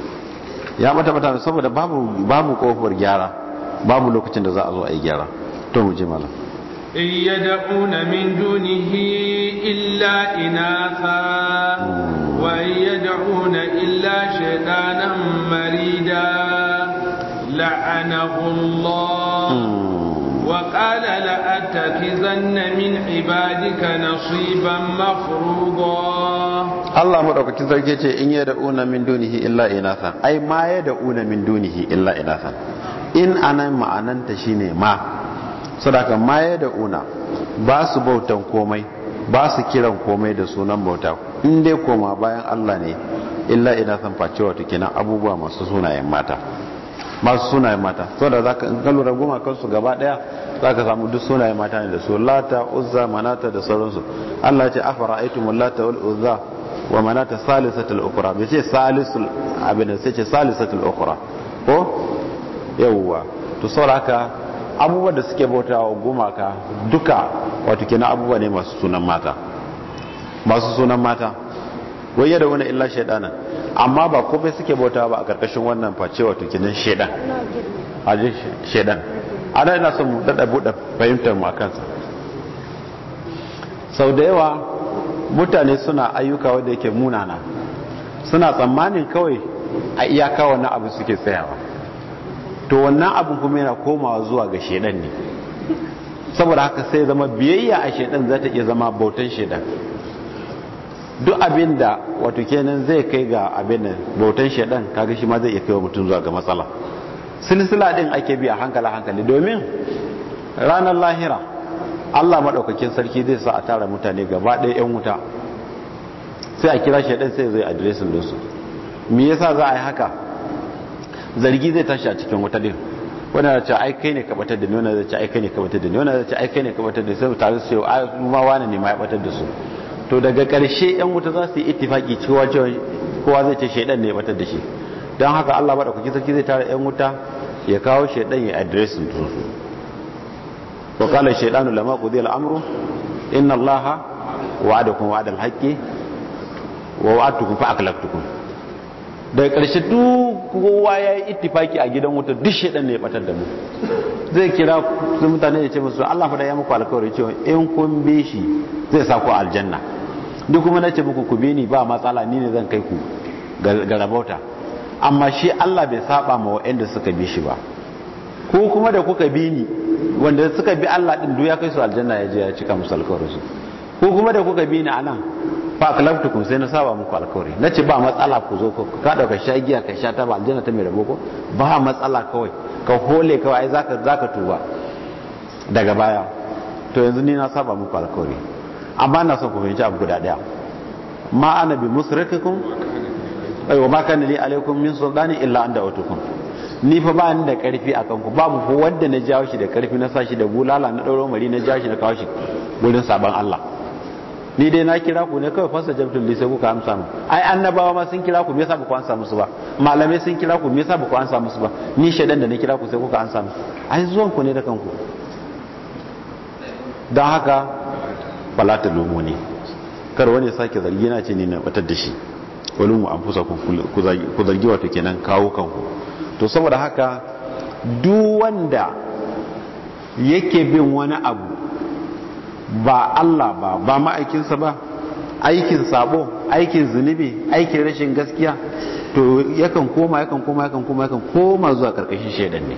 ya bata bata saboda babu kofar gyara babu lokacin da za a zo a yi gyara to mu je mana. in yad'una min dunihi illa inatha wa yad'una illa shaytanan marida la'anahu Allah hmm. وقال لأتخذن من عبادك نصيبا مفروضا Allah madaukakin sarki ce in yad'una min dunihi illa inatha ai ma yad'una min dunihi illa inatha in anan ma'ananta shine ma sadaka ma yad'una ba su bautan komai basu kiran komai da sunan bauta in dai koma bayan Allah ne illa inathan face wato abubuwa masu sunayen mata masu sunayen mata so da za ka lura goma kansu gaba daya za ka samu duk sunayen mata ne da su lata uzza manata da sauransu allah ce afara aiki mulata wal uzza wa manata salisatul ukra bai ce salisul abin da sai ce salisatul ukra ko yawwa to sauraka abubuwa da suke bauta wa gumaka duka wato kenan abubuwa ne masu sunan mata masu sunan mata wai yadda wani illa shaidanan amma ba komai suke bauta ba a karkashin wannan face wato kinan shedan aje shedan ana yana son mu buɗe fahimtar mu sau da yawa mutane suna ayyuka wadda yake munana suna tsammanin kawai a iyaka wannan abu suke tsayawa to wannan abin kuma yana komawa zuwa ga shedan ne saboda haka sai zama biyayya a shedan za ta iya zama bautan shedan duk abin da wato kenan zai kai ga abin nan bautan shaidan kaga shi ma zai iya kai wa mutum zuwa ga matsala silsila din ake bi a hankali hankali domin ranar lahira Allah madaukakin sarki zai sa a tara mutane gaba ɗaya yan wuta sai a kira shaidan sai zai adiresin dinsu me yasa za a yi haka zargi zai tashi a cikin wuta din wani na ce ai kai ne ka batar da ni wani zai ce ai kai ne ka batar da ni wani zai ce ai kai ne ka batar da ni sai mutane su yi ma wani ne ma ya batar da su to daga ƙarshe yan wuta za su yi ittifaki cewa kowa zai ce shaidan ne batar da shi don haka Allah ba da kuki sarki zai tara yan wuta ya kawo shaidan ya adiresin su ko kala shaidanu lama ku zai amru inna Allah wa'adakum wa'ada al haƙƙi wa tukun fa tukun daga ƙarshe duk kowa ya yi ittifaki a gidan wuta duk shaidan ne batar da mu zai kira su mutane ya ce musu Allah fada ya muku alƙawari cewa in kun bi shi zai sa ku aljanna ni kuma na ce muku ku bi ni ba matsala ni ne zan kai ku ga rabauta amma shi Allah bai saba ma waɗanda suka bi shi ba ko kuma da kuka bi ni wanda suka bi Allah din duk ya kai su aljanna ya je ya cika musu alkawarinsu ko kuma da kuka bi ni anan fa aklaftukum sai na saba muku alkawari na ce ba matsala ku zo ko ka dauka sha giya ka sha ta ba aljanna ta mai rabo ko ba matsala kawai ka hole kawai zaka zaka tuba daga baya to yanzu ni na saba muku alkawari amma na son ku fahimci abu guda daya ma ana bi musrikukum aiwa ma maka li alaikum min sultani illa an da'utukum ni fa ba ni da karfi akan ku babu fa wanda na jawo shi da karfi na sashi da bulala na dauro mari na jawo shi na kawo shi gurin saban Allah ni dai na kira ku ne kawai fasa jabtul lisa sai kuka amsa mu ai annabawa ma sun kira ku me yasa ba ku amsa musu ba malamai sun kira ku me yasa ba ku amsa musu ba ni shedan da na kira ku sai kuka amsa mu ai zuwan ku ne da kanku don haka fala ta lomo ne kar wani sake zargi na ce ne na batar da shi wani mu fusa ku zargi wato kenan kawo kanku to saboda haka duk wanda yake bin wani abu ba Allah ba ba ma'aikinsa ba aikin sabo aikin zunubi aikin rashin gaskiya to yakan koma yakan koma yakan koma yakan koma zuwa karkashin shaidan ne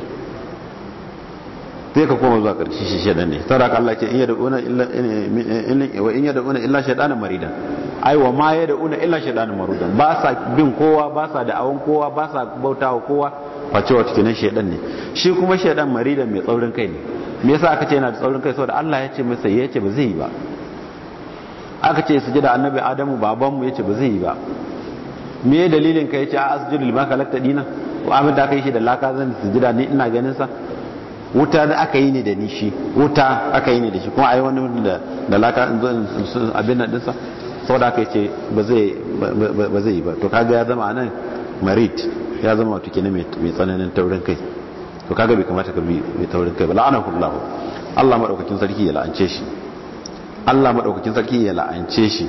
sai ka koma zuwa karshe shi shedan ne saboda ka Allah ce in una illa wa in una illa shaytanan maridan ai wa ma una illa shaytanan marudan ba sa bin kowa ba sa da awon kowa ba sa bautawa kowa face wa cikin shedan ne shi kuma shedan maridan mai tsaurin kai ne me yasa aka ce yana da tsaurin kai saboda Allah ya ce masa ya ce ba zai yi ba aka ce su da annabi adamu babanmu ya ce ba zai yi ba me dalilin ka ya ce a asjudul makalakta dina wa abin da aka yi shi da laka zan sujida ni ina ganin sa wuta da aka yi ne da ni shi wuta aka yi ne da shi kuma a yi wani da da laka abin nan dinsa sau da aka ce ba zai ba zai yi ba to kaga ya zama nan. marit ya zama wata kina mai tsananin taurin kai to kaga bai kamata ka bi mai taurin kai ba la'anahu Allah Allah maɗaukakin sarki ya la'ance shi Allah maɗaukakin sarki ya la'ance shi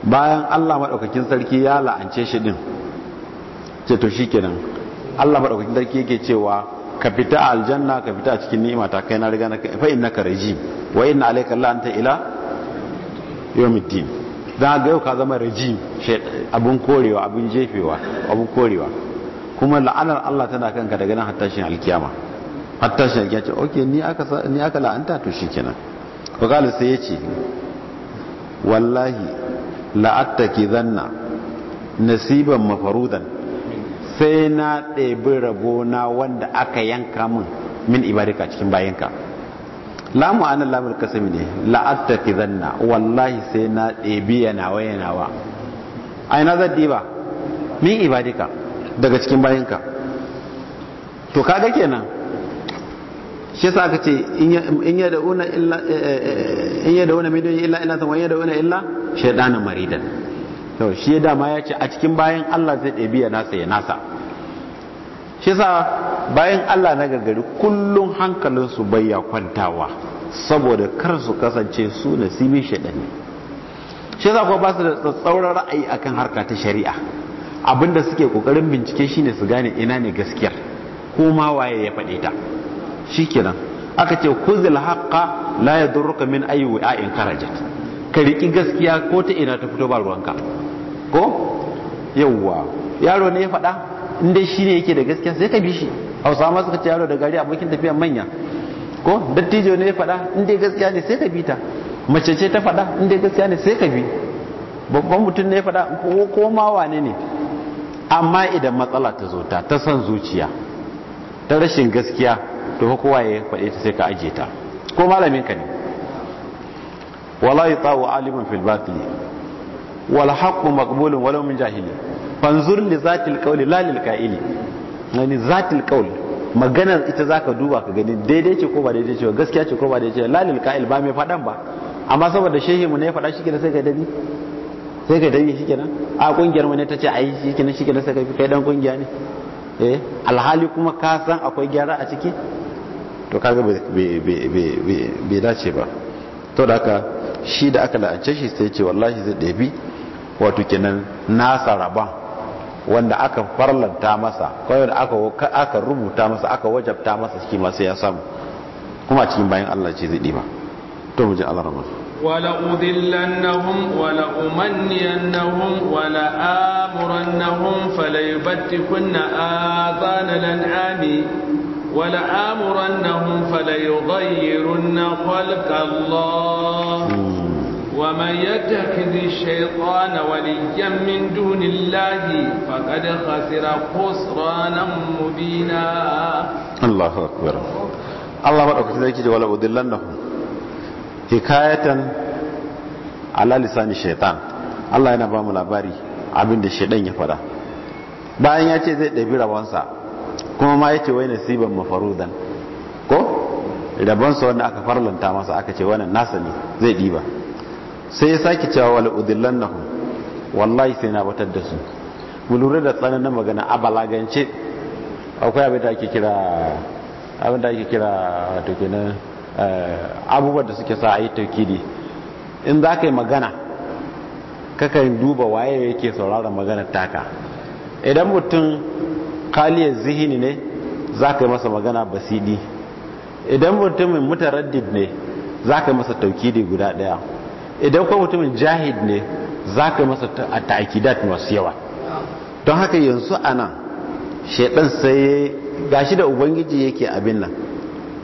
bayan Allah maɗaukakin sarki ya la'ance shi din ce to shikenan Allah maɗaukakin sarki yake cewa ka fita a aljanna ka fita a cikin ni'ima ta kai na riga na kai fa'in na rajim wa inna alayka la'anta ila yawmiddin don ga yau ka zama rajim abun korewa abun jefewa abun korewa kuma la'anar Allah tana kanka daga nan hattashin alkiyama hattashin alkiyama ce ok ni aka la'anta to shi kenan qala sai ce wallahi la'attaki zanna nasiban mafarudan sai na ɗebi rabona wanda aka yanka min min ibadika cikin bayanka lamu ana lamar kasami ne la'atta zanna wallahi sai na ɗebi yanawa yanawa ai na zan ba min ibadika daga cikin bayanka to kaga kenan shi sa aka ce in ya da una illa in ya da una midon illa ina san wani ya da una illa shaydanan maridan to shi ya dama ya ce a cikin bayan Allah zai ɗabi ya nasa ya nasa shi sa bayan Allah na gargari kullum hankalinsu bai ya kwantawa saboda kar su kasance su na shaɗan ne shi sa kuma ba su da tsatsauran ra'ayi akan harka ta shari'a abinda suke kokarin bincike shine su gane ina ne gaskiyar ko ma waye ya faɗe ta shikenan aka ce kuzil haqqa la yadurruka min ayyi wa'in karajat ka riki gaskiya ko ta ina ta fito ba ruwanka ko yawwa yaro ne ya faɗa in dai ne yake da gaskiya sai ka bi shi hausa ma suka ce yaro da gari abokin tafiya manya ko dattijo ne ya faɗa in dai gaskiya ne sai ka bi ta mace ce ta faɗa in dai gaskiya ne sai ka bi babban mutum ne ya faɗa ko ma wane ne amma idan matsala ta zo ta ta son zuciya ta rashin gaskiya to kowa ya faɗe ta sai ka ajiye ta ko malamin ka ne wallahi tsawo aliman fil wal haqqu maqbulun walau min jahili fanzur li zatil qawli la lil qa'ili yani zatil qawli maganar ita zaka duba ka gani daidai ce ko ba daidai ce gaskiya ce ko ba daidai ce la lil qa'il ba mai fadan ba amma saboda shehi mu ne ya fada shikenan sai ka dabi sai ka dabi shikenan a kungiyar mu ne ta ce ai shikenan shikenan sai ka fi kai dan kungiya ne eh alhali kuma ka san akwai gyara a ciki to kaga bai dace ba to da haka shi da aka la'ance shi sai ce wallahi zai ɗabi wato kenan nasa rabon wanda aka farlanta masa kawai da aka, rubuta masa aka wajabta masa shi masu ya samu kuma cikin bayan Allah ce zai ɗiba to mu ji Allah rabon wala na udillannahum wala na umanniyannahum wala amuran na batikun amurannahum falayubattikunna azanal an'ami wala amuran na amurannahum falayughayyirunna khalqa Allah hmm. ومن يتخذ الشيطان وليا من دون الله فقد خسر خسرانا مبينا الله أكبر الله أكبر ذلك ولا أضلنهم حكاية على لسان الشيطان الله yana من mu labari abin da shedan ya fada bayan ya ce zai ɗabi rabonsa kuma ma ya ce wai nasiban mafarudan ko rabonsa wanda aka farlanta masa aka ce wannan nasa ne zai ɗiba sai ya sake cewa wal udillannahum wallahi sai na batar da su mu lura da tsananin magana a balagance akwai abin da ake kira abin da ake kira eh, abubuwan da suke sa a yi taukidi in za ka yi magana kakan duba waye yake sauraron magana taka idan mutum kaliyar zihini ne za ka yi masa magana basidi idan mutumin mutaraddid ne za ka yi masa taukidi guda daya idan kuma mutumin jahid ne za ka masa ta'akidat masu yawa don haka yanzu a nan shaidan sai gashi da ubangiji yake abin nan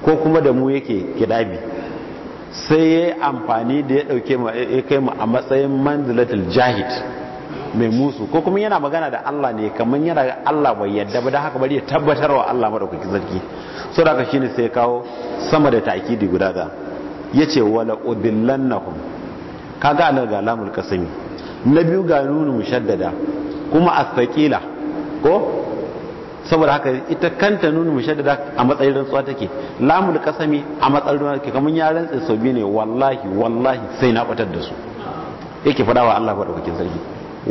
ko kuma da mu yake kidabi sai ya amfani da ya dauke mu kai mu a matsayin manzilatul jahid mai musu ko kuma yana magana da Allah ne kamar yana Allah bai yadda ba da haka bari ya tabbatar wa Allah madaukakin sarki so da haka shine sai kawo sama da ta'kidi guda da yace wala udillannahum kaga anan ga lamul kasami na biyu ga nunu mushaddada kuma astaqila ko saboda haka ita kanta nunu mushaddada a matsayin rantsuwa take lamul kasami a matsayin rantsuwa take kamar ya rantsa sau biyu ne wallahi wallahi sai na batar da su yake fada wa Allah madaukakin sarki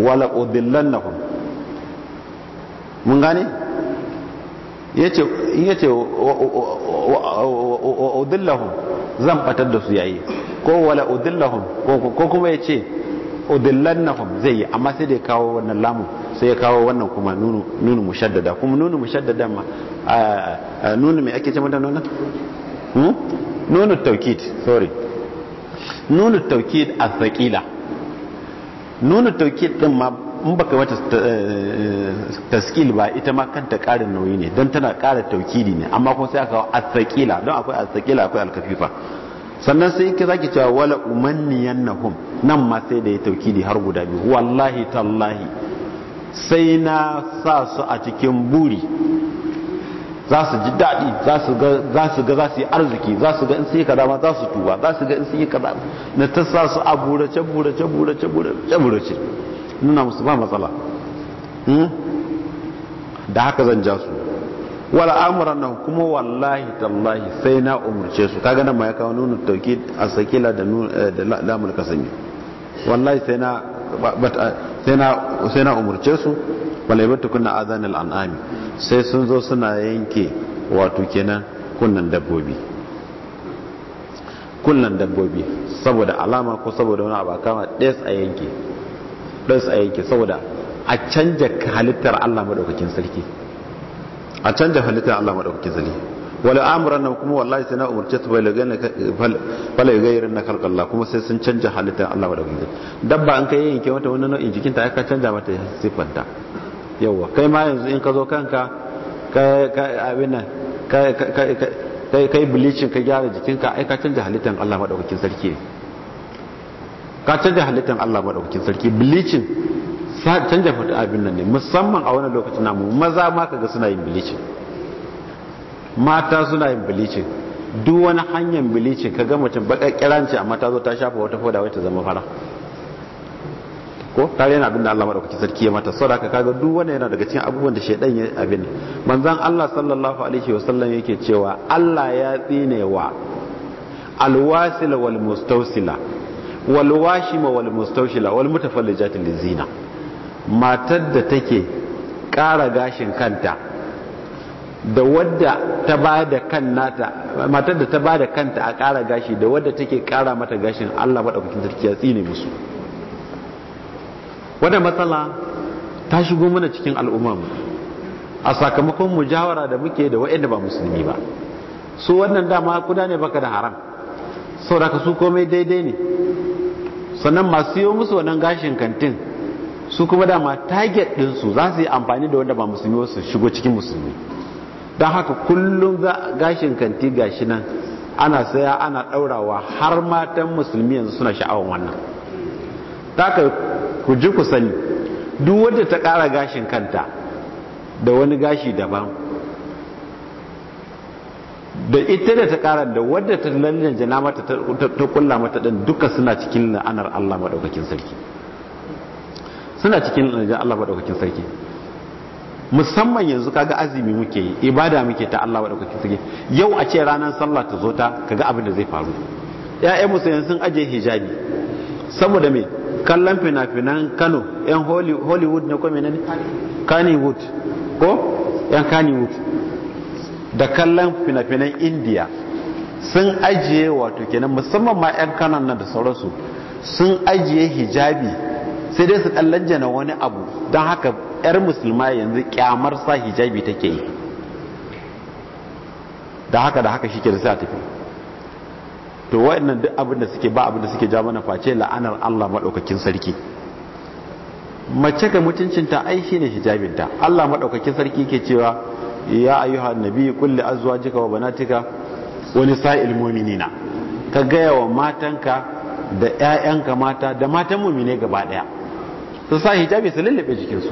wala udillannahum mun gane yace yace udillahum zan batar da su yayi ko wala udillahum ko kuma ya ce udillannahum zai yi amma sai da ya kawo wannan lamu sai ya kawo wannan kuma nunu nunu mushaddada kuma nunu mushaddada ma nunu mai ake ce mata nunu hmm? nunu tawkid sorry nunu tawkid a thaqila nunu tawkid din ma in baka mata eh, taskil ba ita ma kanta karin nauyi ne don tana kara taukidi ne amma kuma sai aka kawo atsakila don akwai atsakila akwai alkafifa sannan sai ki zaki cewa wala umanniyannahum nan ma sai da ya taukidi har guda biyu wallahi tallahi sai na sa su a cikin buri za su ji daɗi za su ga za su yi arziki za su ga in su yi kaza ma za su tuba za su ga in su yi kaza na ta sa su a burace burace burace burace burace nuna musu ba matsala hmm? da haka zan ja su wala amuran nan kuma wallahi tallahi sai na umurce su kaga nan ma ya kawo nuna tauki a sakila da eh, lamul kasami wallahi sai na sai na umurce su wala bata kunna azanil an'ami sai sun zo suna yanke wato kenan kunnan dabbobi kunnan dabbobi saboda alama ko saboda wani abu kama ɗes a yanke don tsaye saboda a canja halittar Allah maɗaukakin sarki a canja halittar Allah maɗaukakin sarki wani amuran nan kuma wallahi sai na umarce ta bai lagayar na kalkalla kuma sai sun canja halittar Allah maɗaukakin sarki dabba an kai yanke mata wani nau'in jikinta ya ka canja mata siffanta yawwa kai ma yanzu in ka zo kanka kai bleaching ka gyara jikinka ai ka canja halittar Allah maɗaukakin sarki ne ka canja halittar Allah maɗaukakin sarki bilicin canja fata abin nan ne musamman a wani lokacin namu maza ma kaga suna yin bilicin mata suna yin bilicin duk wani hanyar bilicin kaga mace bakakkiran ce amma ta zo ta shafa wata foda wata zama fara ko tare yana abin da Allah maɗaukakin sarki ya mata saboda kaga duk wani yana daga cikin abubuwan da shaidan ya abin manzon Allah sallallahu alaihi wasallam yake cewa Allah ya tsine wa alwasila wal mustawsila walwashima walmustawshila wal lizina matar da take ƙara gashin kanta da wadda ta bada kan matar da ta bada kanta a ƙara gashi da wadda take kara mata gashin Allah maɗaukakin sarki ya tsine musu wannan matsala ta shigo mana cikin al'ummar mu a sakamakon mujawara da muke da wa'anda ba musulmi ba su wannan dama kuda ne baka da haram saboda ka su komai daidai ne sannan masu siyo musu wannan gashin kantin su kuma dama target ɗinsu za su yi amfani da wanda ba musulmi wasu shigo cikin musulmi don haka kullum gashin kanti gashi nan ana saya ana ɗaurawa har matan musulmi yanzu suna sha'awar wannan ta ku ji ku sani duk wadda ta ƙara gashin kanta da wani gashi daban da ita da ta kara da wadda ta janjana mata ta kulla mata din duka suna cikin la'anar Allah madaukakin sarki suna cikin la'anar Allah madaukakin sarki musamman yanzu kaga azumi muke yi ibada muke ta Allah madaukakin sarki yau a ce ranar sallah ta zo ta kaga abin da zai faru ƴaƴan yanzu sun aje hijabi saboda me kallon fina-finan Kano yan Hollywood ne ko menene Kannywood ko yan Kannywood da kallon fina-finan indiya sun ajiye wato kenan musamman ma 'yan kanan da sauransu sun ajiye hijabi sai dai su ɗan na wani abu don haka 'yar musulma yanzu kyamar sa hijabi take yi da haka da haka shike da sa tafi to wa'annan duk abin da suke ba abin da suke ja mana face la'anar Allah maɗaukakin sarki mace ga mutuncinta ai shine hijabinta Allah maɗaukakin sarki ke cewa ya ayyuhan nabi kulli azwajika wa banatika wa nisa'il mu'minina ka gaya wa matanka da ƴaƴanka mata da matan mu'mine gaba daya su sa hijabi su lullube jikinsu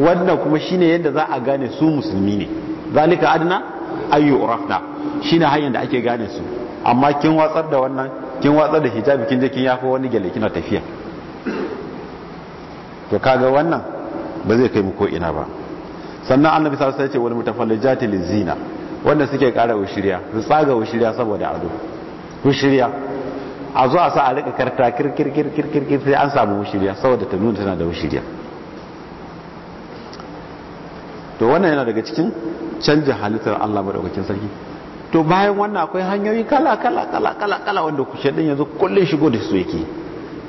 wannan kuma shine yadda za a gane su musulmi ne zalika adna ayu urafna shine hanyar da ake gane su amma kin watsar da wannan kin watsar da hijabi kin je kin yafa wani gele kina tafiya to kaga wannan ba zai kai mu ko ina ba sannan annabi sallallahu alaihi wasallam ya ce wal mutafallijati lizina wanda suke kara ushiriya su tsaga ushiriya saboda ado ushiriya a a sa a rika karta kirkir sai an samu ushiriya saboda ta nuna tana da ushiriya to wannan yana daga cikin canja halittar Allah madaukakin sarki to bayan wannan akwai hanyoyi kala kala kala kala kala wanda ku shedan yanzu kullun shigo da su yake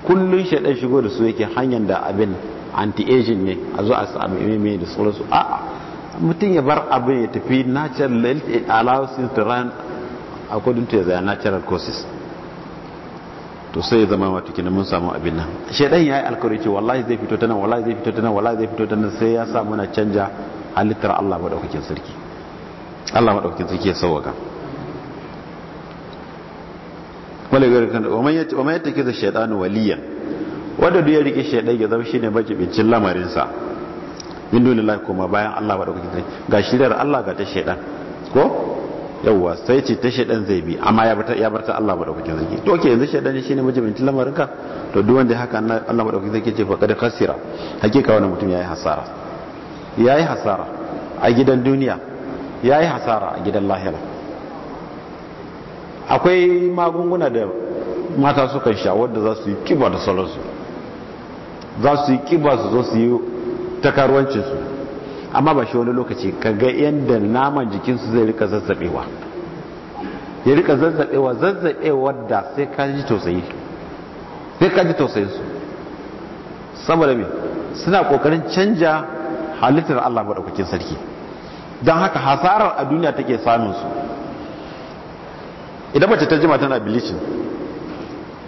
kullun shedan shigo da su yake hanyar da abin anti aging ne a zo a sami meme da sauransu a'a mutum ya bar abin ya tafi natural it allows you to run according to their natural courses to sai ya zama wata kina mun samu abin nan shedan yayi alkawari ce wallahi zai fito tana wallahi zai fito tana wallahi zai fito tana sai ya sa muna canja halittar Allah madaukakin sarki Allah madaukakin sarki ya sauwaka wala gari kan wa man yata wa man yata kiza shaytanu waliyan wanda duk ya rike shedan ya zama shine majibincin lamarin sa min dunillahi kuma bayan Allah ba kuke sai ga shiriyar Allah ga ta shaidan ko yawwa sai ce ta shaidan zai bi amma ya bar ya bar ta Allah ba kuke sai to ke yanzu shi ne majibin lamarin ka to duk wanda haka Allah ba daukakin ke ce fa kada kasira hakika wannan mutum yayi hasara yayi hasara a gidan duniya yayi hasara a gidan lahira akwai magunguna da mata suka sha wanda za su yi kiba da sauransu za su yi kiba su zo su yi ta karuwancinsu amma ba shi wani lokaci ka ga yadda naman jikinsu zai rika zazzabewa ya rika zazzabewa zazzabewa da sai ka ji tausayi sai ka ji tausayin su saboda me suna kokarin canja halittar Allah madaukakin sarki don haka hasarar a duniya take samun su idan mace ta jima tana bilicin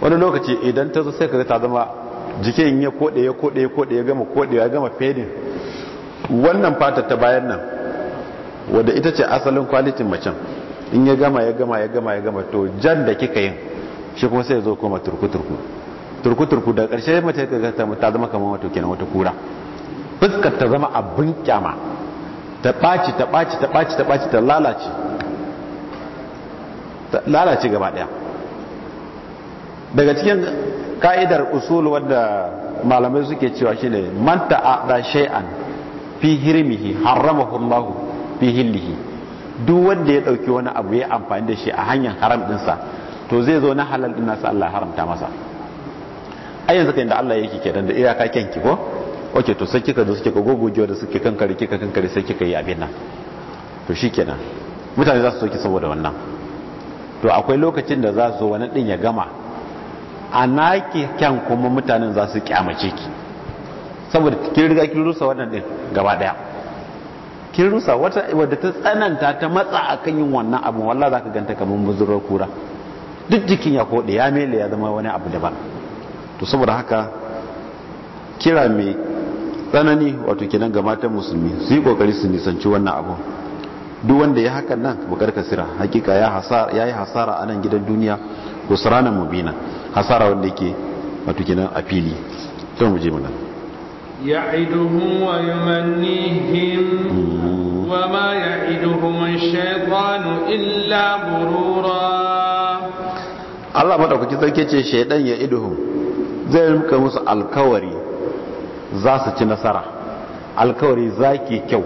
wani lokaci idan ta zo sai ka ta zama jikin ya kode ya kode ya kode ya gama kode ya gama fedin wannan fata ta bayan nan wadda ita ce asalin kwalitin macen in ya gama ya gama ya gama ya gama to jan da kika yin shi kuma sai ya zo koma turku-turku turku-turku da ƙarshe mace ta zama kamar wato kenan wata kura fuskar ta zama abin kyama ta ɓaci ta ɓaci ta ɓaci ta ɓaci ta lalace ta lalace gaba ɗaya daga cikin ka'idar usul wadda malamai suke cewa shine a da shay'an fi hirmihi haramahu Allah fi hillihi duk wanda ya dauki wani abu ya amfani da shi a hanyar haram dinsa to zai zo na halal din nasa Allah haramta masa ai yanzu kai da Allah yake kenan da iyaka kyanki ko oke to sai kika zo suke ka gogogewa da suke kankare kika kankare sai kika yi abin nan to shikenan mutane za su soki saboda wannan to akwai lokacin da za su zo wani din ya gama a naƙi kyan kuma mutanen za su kyamace ki saboda kin riga kin rusa wannan din gaba daya kin rusa wata wadda ta tsananta ta matsa akan yin wannan abu wallahi zaka ganta kamar muzurar kura duk jikin ya kode ya mele ya zama wani abu daban to saboda haka kira mai tsanani wato kenan ga matan musulmi su yi kokari su nisanci wannan abu duk wanda ya hakan nan bukar kasira hakika ya yi hasara a nan gidan duniya kusurana mubina hasara wanda yake wato kenan a fili to mu je mu nan ya'iduhum wa yumannihim hmm. wa ma ya ya'iduhum man shaytanu illa burura. Allah madaukakin sarki ce shaydan ya'iduhum zai rinka musu alkawari za su ci nasara alkawari za ki kyau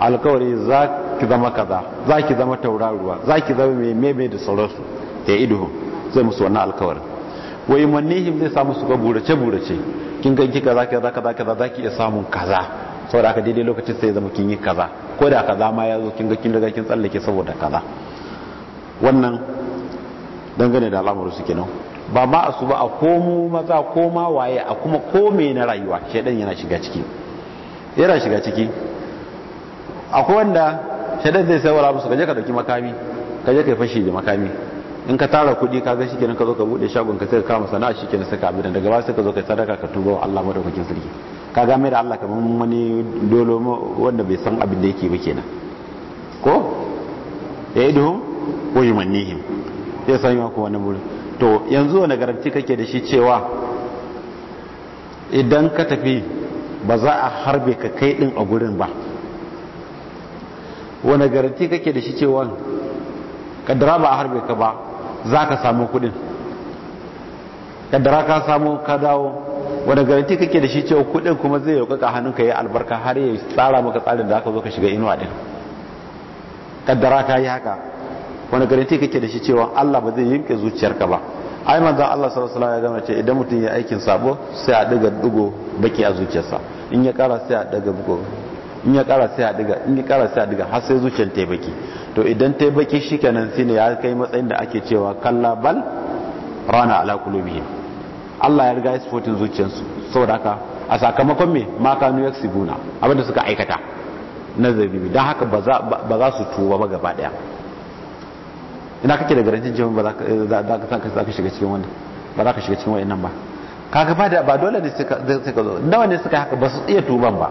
alkawari za ki zama kaza za ki zama tauraruwa za ki zama mai mai da sauransu ya iduhu. zai musu wannan alkawarin wai manihim zai samu su ga burace burace kin ga kika zaki za kaza kaza zaki iya samun kaza saboda haka daidai lokacin sai zama kin yi kaza ko da kaza ma ya zo kin ga kin riga kin tsallake saboda kaza wannan dangane da al'amuru su kenan ba ma a su ba a komo maza ko ma waye a kuma kome na rayuwa shedan yana shiga ciki yana shiga ciki akwai wanda shedan zai sai wala musu kaje ka dauki makami kaje kai fashi da makami in ka tara kuɗi ka ga shikenan ka zo ka bude shagon ka sai ka kama sana'a shikenan sai ka abin daga baya sai ka zo ka sadaka ka tuba wa Allah madaukakin sarki ka ga mai da Allah kaman wani dolo wanda bai san abin da yake ba kenan ko ya yi duhun ko yi mannihim ya san yi wani buri to yanzu wani garanti kake da shi cewa idan ka tafi ba za a harbe ka kai din a gurin ba wani garanti kake da shi cewa kaddara ba a harbe ka ba za ka samu kudin kaddara ka samu ka dawo wadda garanti kake da shi cewa kudin kuma zai yau kaka hannunka ya albarka har ya tsara maka tsarin da aka zo ka shiga inuwa din kaddara ka yi haka wani garanti kake da shi cewa Allah ba zai yinke zuciyarka ba ai manzon Allah sallallahu alaihi wasallam ya ce idan mutum ya aikin sabo sai a daga dugo baki a zuciyarsa in ya kara sai a daga bugo in ya kara sai a diga in ya kara sai a diga har sai zuciyar ta baki to idan ta baki shikenan sai ne ya kai matsayin da ake cewa kalla bal rana ala kulubihim Allah ya riga ya sifotin su saboda haka a sakamakon me ma kanu yaksibuna abinda suka aikata na zabibi don haka ba za su tuba ba gaba daya ina kake da garantin cewa ba za ka shiga cikin wannan ba za ka shiga cikin wa'in nan ba kaga ba da ba dole ne suka zo nawa ne suka haka ba su iya tuban ba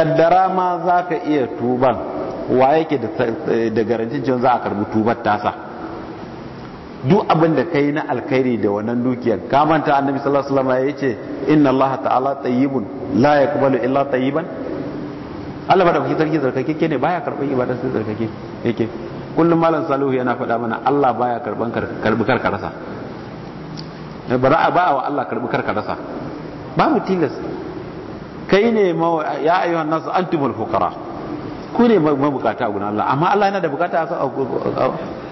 kaddara ma za ka iya tuban wa yake da garantincin za a karbi tubar tasa duk abin da kai na alkhairi da wannan dukiyar kamanta annabi sallallahu alaihi wasallam ya ce inna allaha ta'ala tayyibun la yaqbalu illa tayyiban Allah ba da kuke sarki zarkake ne baya karban ibada sai zarkake yake kullum malam salihu yana faɗa mana Allah baya karban karbi karka rasa ba wa Allah karbi rasa babu tilas kai ne ya ayyuhan nas antumul fuqara ku ne mabukata a gurin Allah amma Allah yana da bukata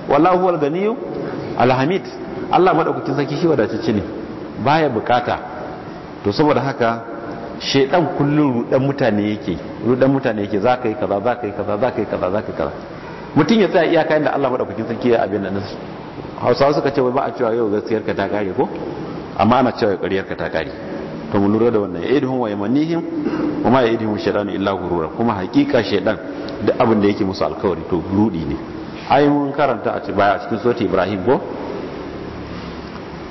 wallahu ghani al alhamid Allah madaukakin saki shi wadatacce ne baya bukata to saboda haka shedan kullun rudan mutane yake rudan mutane yake zaka yi kaza zaka yi kaza zaka yi kaza zaka yi kaza mutum ya tsaya iyaka inda Allah madaukakin saki ya abin nan Hausawa suka ce ba a cewa yau gaskiyar ka ta kare ko amma ana cewa ƙaryar ka ta kare to mu lura da wannan ya idhum wa yamanihim wa ma yaiduhum shaytanu illa ghurura kuma hakika shaytan duk abin da yake musu alkawari to rudi ne ai mun karanta a baya a cikin sura Ibrahim ko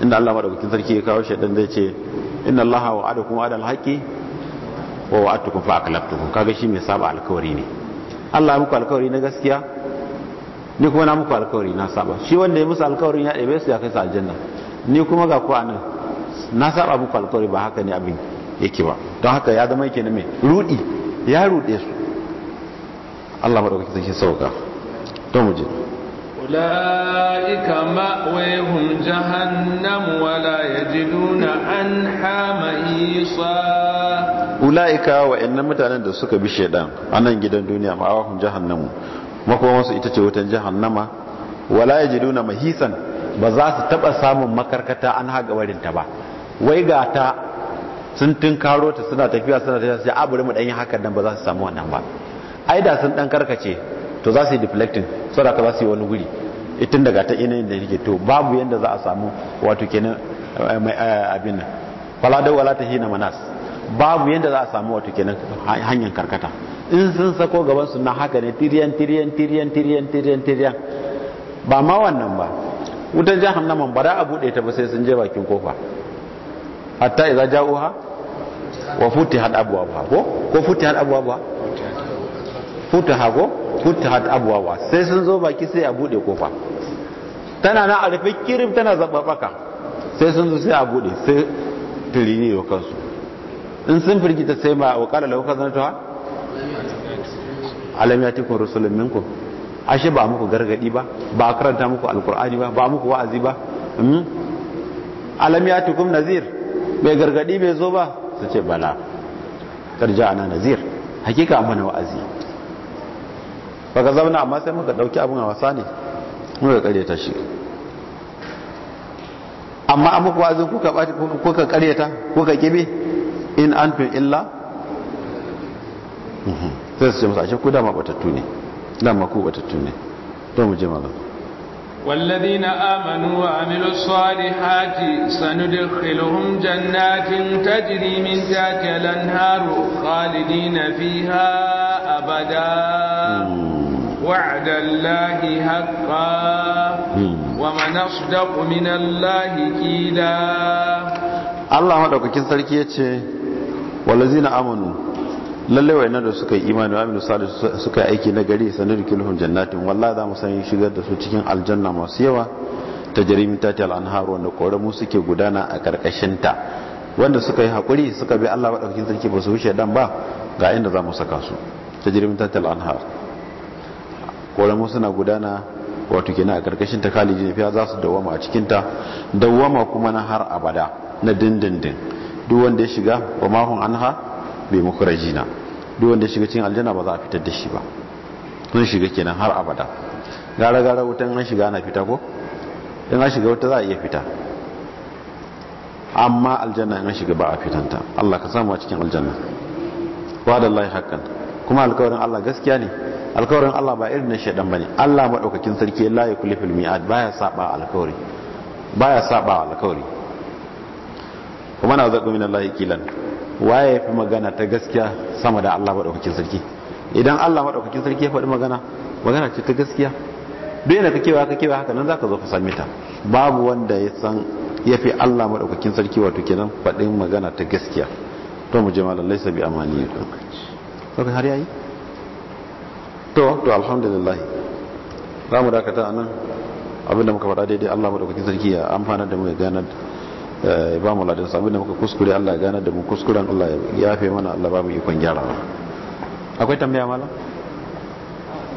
inda Allah madaukakin sarki ya kawo shaytan zai ce inna Allaha wa'adakum adal haqqi wa wa'adtukum fa aklaftukum kaga shi mai saba alkawari ne Allah ya muku alkawari na gaskiya ni kuma na muku alkawari na saba shi wanda ya musu alkawari ya ɗebe su ya kai su aljanna ni kuma ga ku anan na saba muku alkawari ba haka ne abin yake ba don haka ya zama yake na mai rudi ya rude su Allah madaukakin sarki sauka to mu je أولئك مأويهم جهنم an hama عنها محيصا wa وإن mutanen da suka bi a anan gidan duniya ma'awahum mu makoma su ita ce wutan jahannama wala ya yajiduna mahisan ba za su taba samun makarkata an haga warinta ba wai ga ta sun karo ta suna tafiya suna tafiya sai abure mu danyi hakan nan ba za su samu wannan ba ai da sun dan karkace to za su yi deflecting saboda ka za su yi wani guri itin eh, daga ta yanayin da yake to babu yanda za a samu wato kenan eh, eh, abin nan fala da wala tahina manas babu yanda za a samu wato kenan hanyar karkata in sun sako gaban su na haka ne tiriyan tiriyan tiriyan tiriyan tiriyan tiriyan ba ma wannan ba wutar jahannama ba da a buɗe ta ba sai sun je bakin kofa hatta idza ja'uha wa futihat abwabuha ko ko futihat abwabuha futaha ko futihat abwabuha sai sun zo baki sai a bude kofa tana na a kirim tana zabbabaka sai sun zo sai a bude sai tirini yo kansu in sun firgita sai ma wa qala lahu kazanatuha alam yatikum rusulun minkum ashe ba muku gargadi ba ba karanta muku alqur'ani ba ba muku wa'azi ba hmm? alam yatikum nazir mai gargadi bai zo ba su ce bala tarja ana nazir hakika mana wa'azi baka zauna amma sai muka dauki abin a wasa ne muka karyata shi amma an muku wa'azin kuka bati kuka karyata kuka kibe in antum illa mhm. sai su ce musu ashe ku dama batattu ne dama ku batattu ne to mu je magana والذين آمنوا وعملوا الصالحات سندخلهم جنات تجري من تحتها الأنهار خالدين فيها أبدا وعد الله حقا ومن أصدق من الله كيلا الله هذا كن سلكي والذين آمنوا lalle wayannan da suka yi imani wa aminu salih suka yi aiki na gari sanar kilhum jannatin wallahi za mu san shigar da su cikin aljanna masu yawa ta jarimin tati al'anhar wanda kore mu suke gudana a karkashin ta wanda suka yi hakuri suka bi Allah madaukakin sarki ba su wuce dan ba ga inda za mu saka su ta jarimin tati al'anhar kore mu suna gudana wato kenan a karkashin ta kaliji ne fiya za su dawama a cikin ta dawama kuma na har abada na dindindin duk wanda ya shiga wa mahun anha bi na duk wanda shiga cikin aljanna ba za a fitar da shi ba mun shiga kenan har abada gara gara wutan an shiga ana fita ko in an shiga wuta za a iya fita amma aljanna in an shiga ba a fitanta Allah ka samu a cikin aljanna wa da Allah hakan kuma alkawarin Allah gaskiya ne alkawarin Allah ba irin na shaidan bane Allah madaukakin sarki la yuklifil mi'ad baya saba alkawari baya saba alkawari kuma na zaƙo min Allah kilan waye ya fi magana ta gaskiya sama da Allah madaukakin sarki idan Allah madaukakin sarki ya faɗi magana magana ce ta gaskiya duk da kake wa kake wa haka nan zaka zo ka same ta babu wanda ya san ya fi Allah madaukakin sarki wato kenan faɗin magana ta gaskiya to mu jama'a lallai sabi amani ya to har yayi to to alhamdulillah za mu dakata anan abinda muka faɗa daidai Allah madaukakin sarki ya amfana da mu ya ganar Eh, ya ba mu ladin sabu da muka kuskure Allah ya gane da mu kuskuren Allah ya yafe mana Allah ba mu ikon gyarawa akwai tambaya malam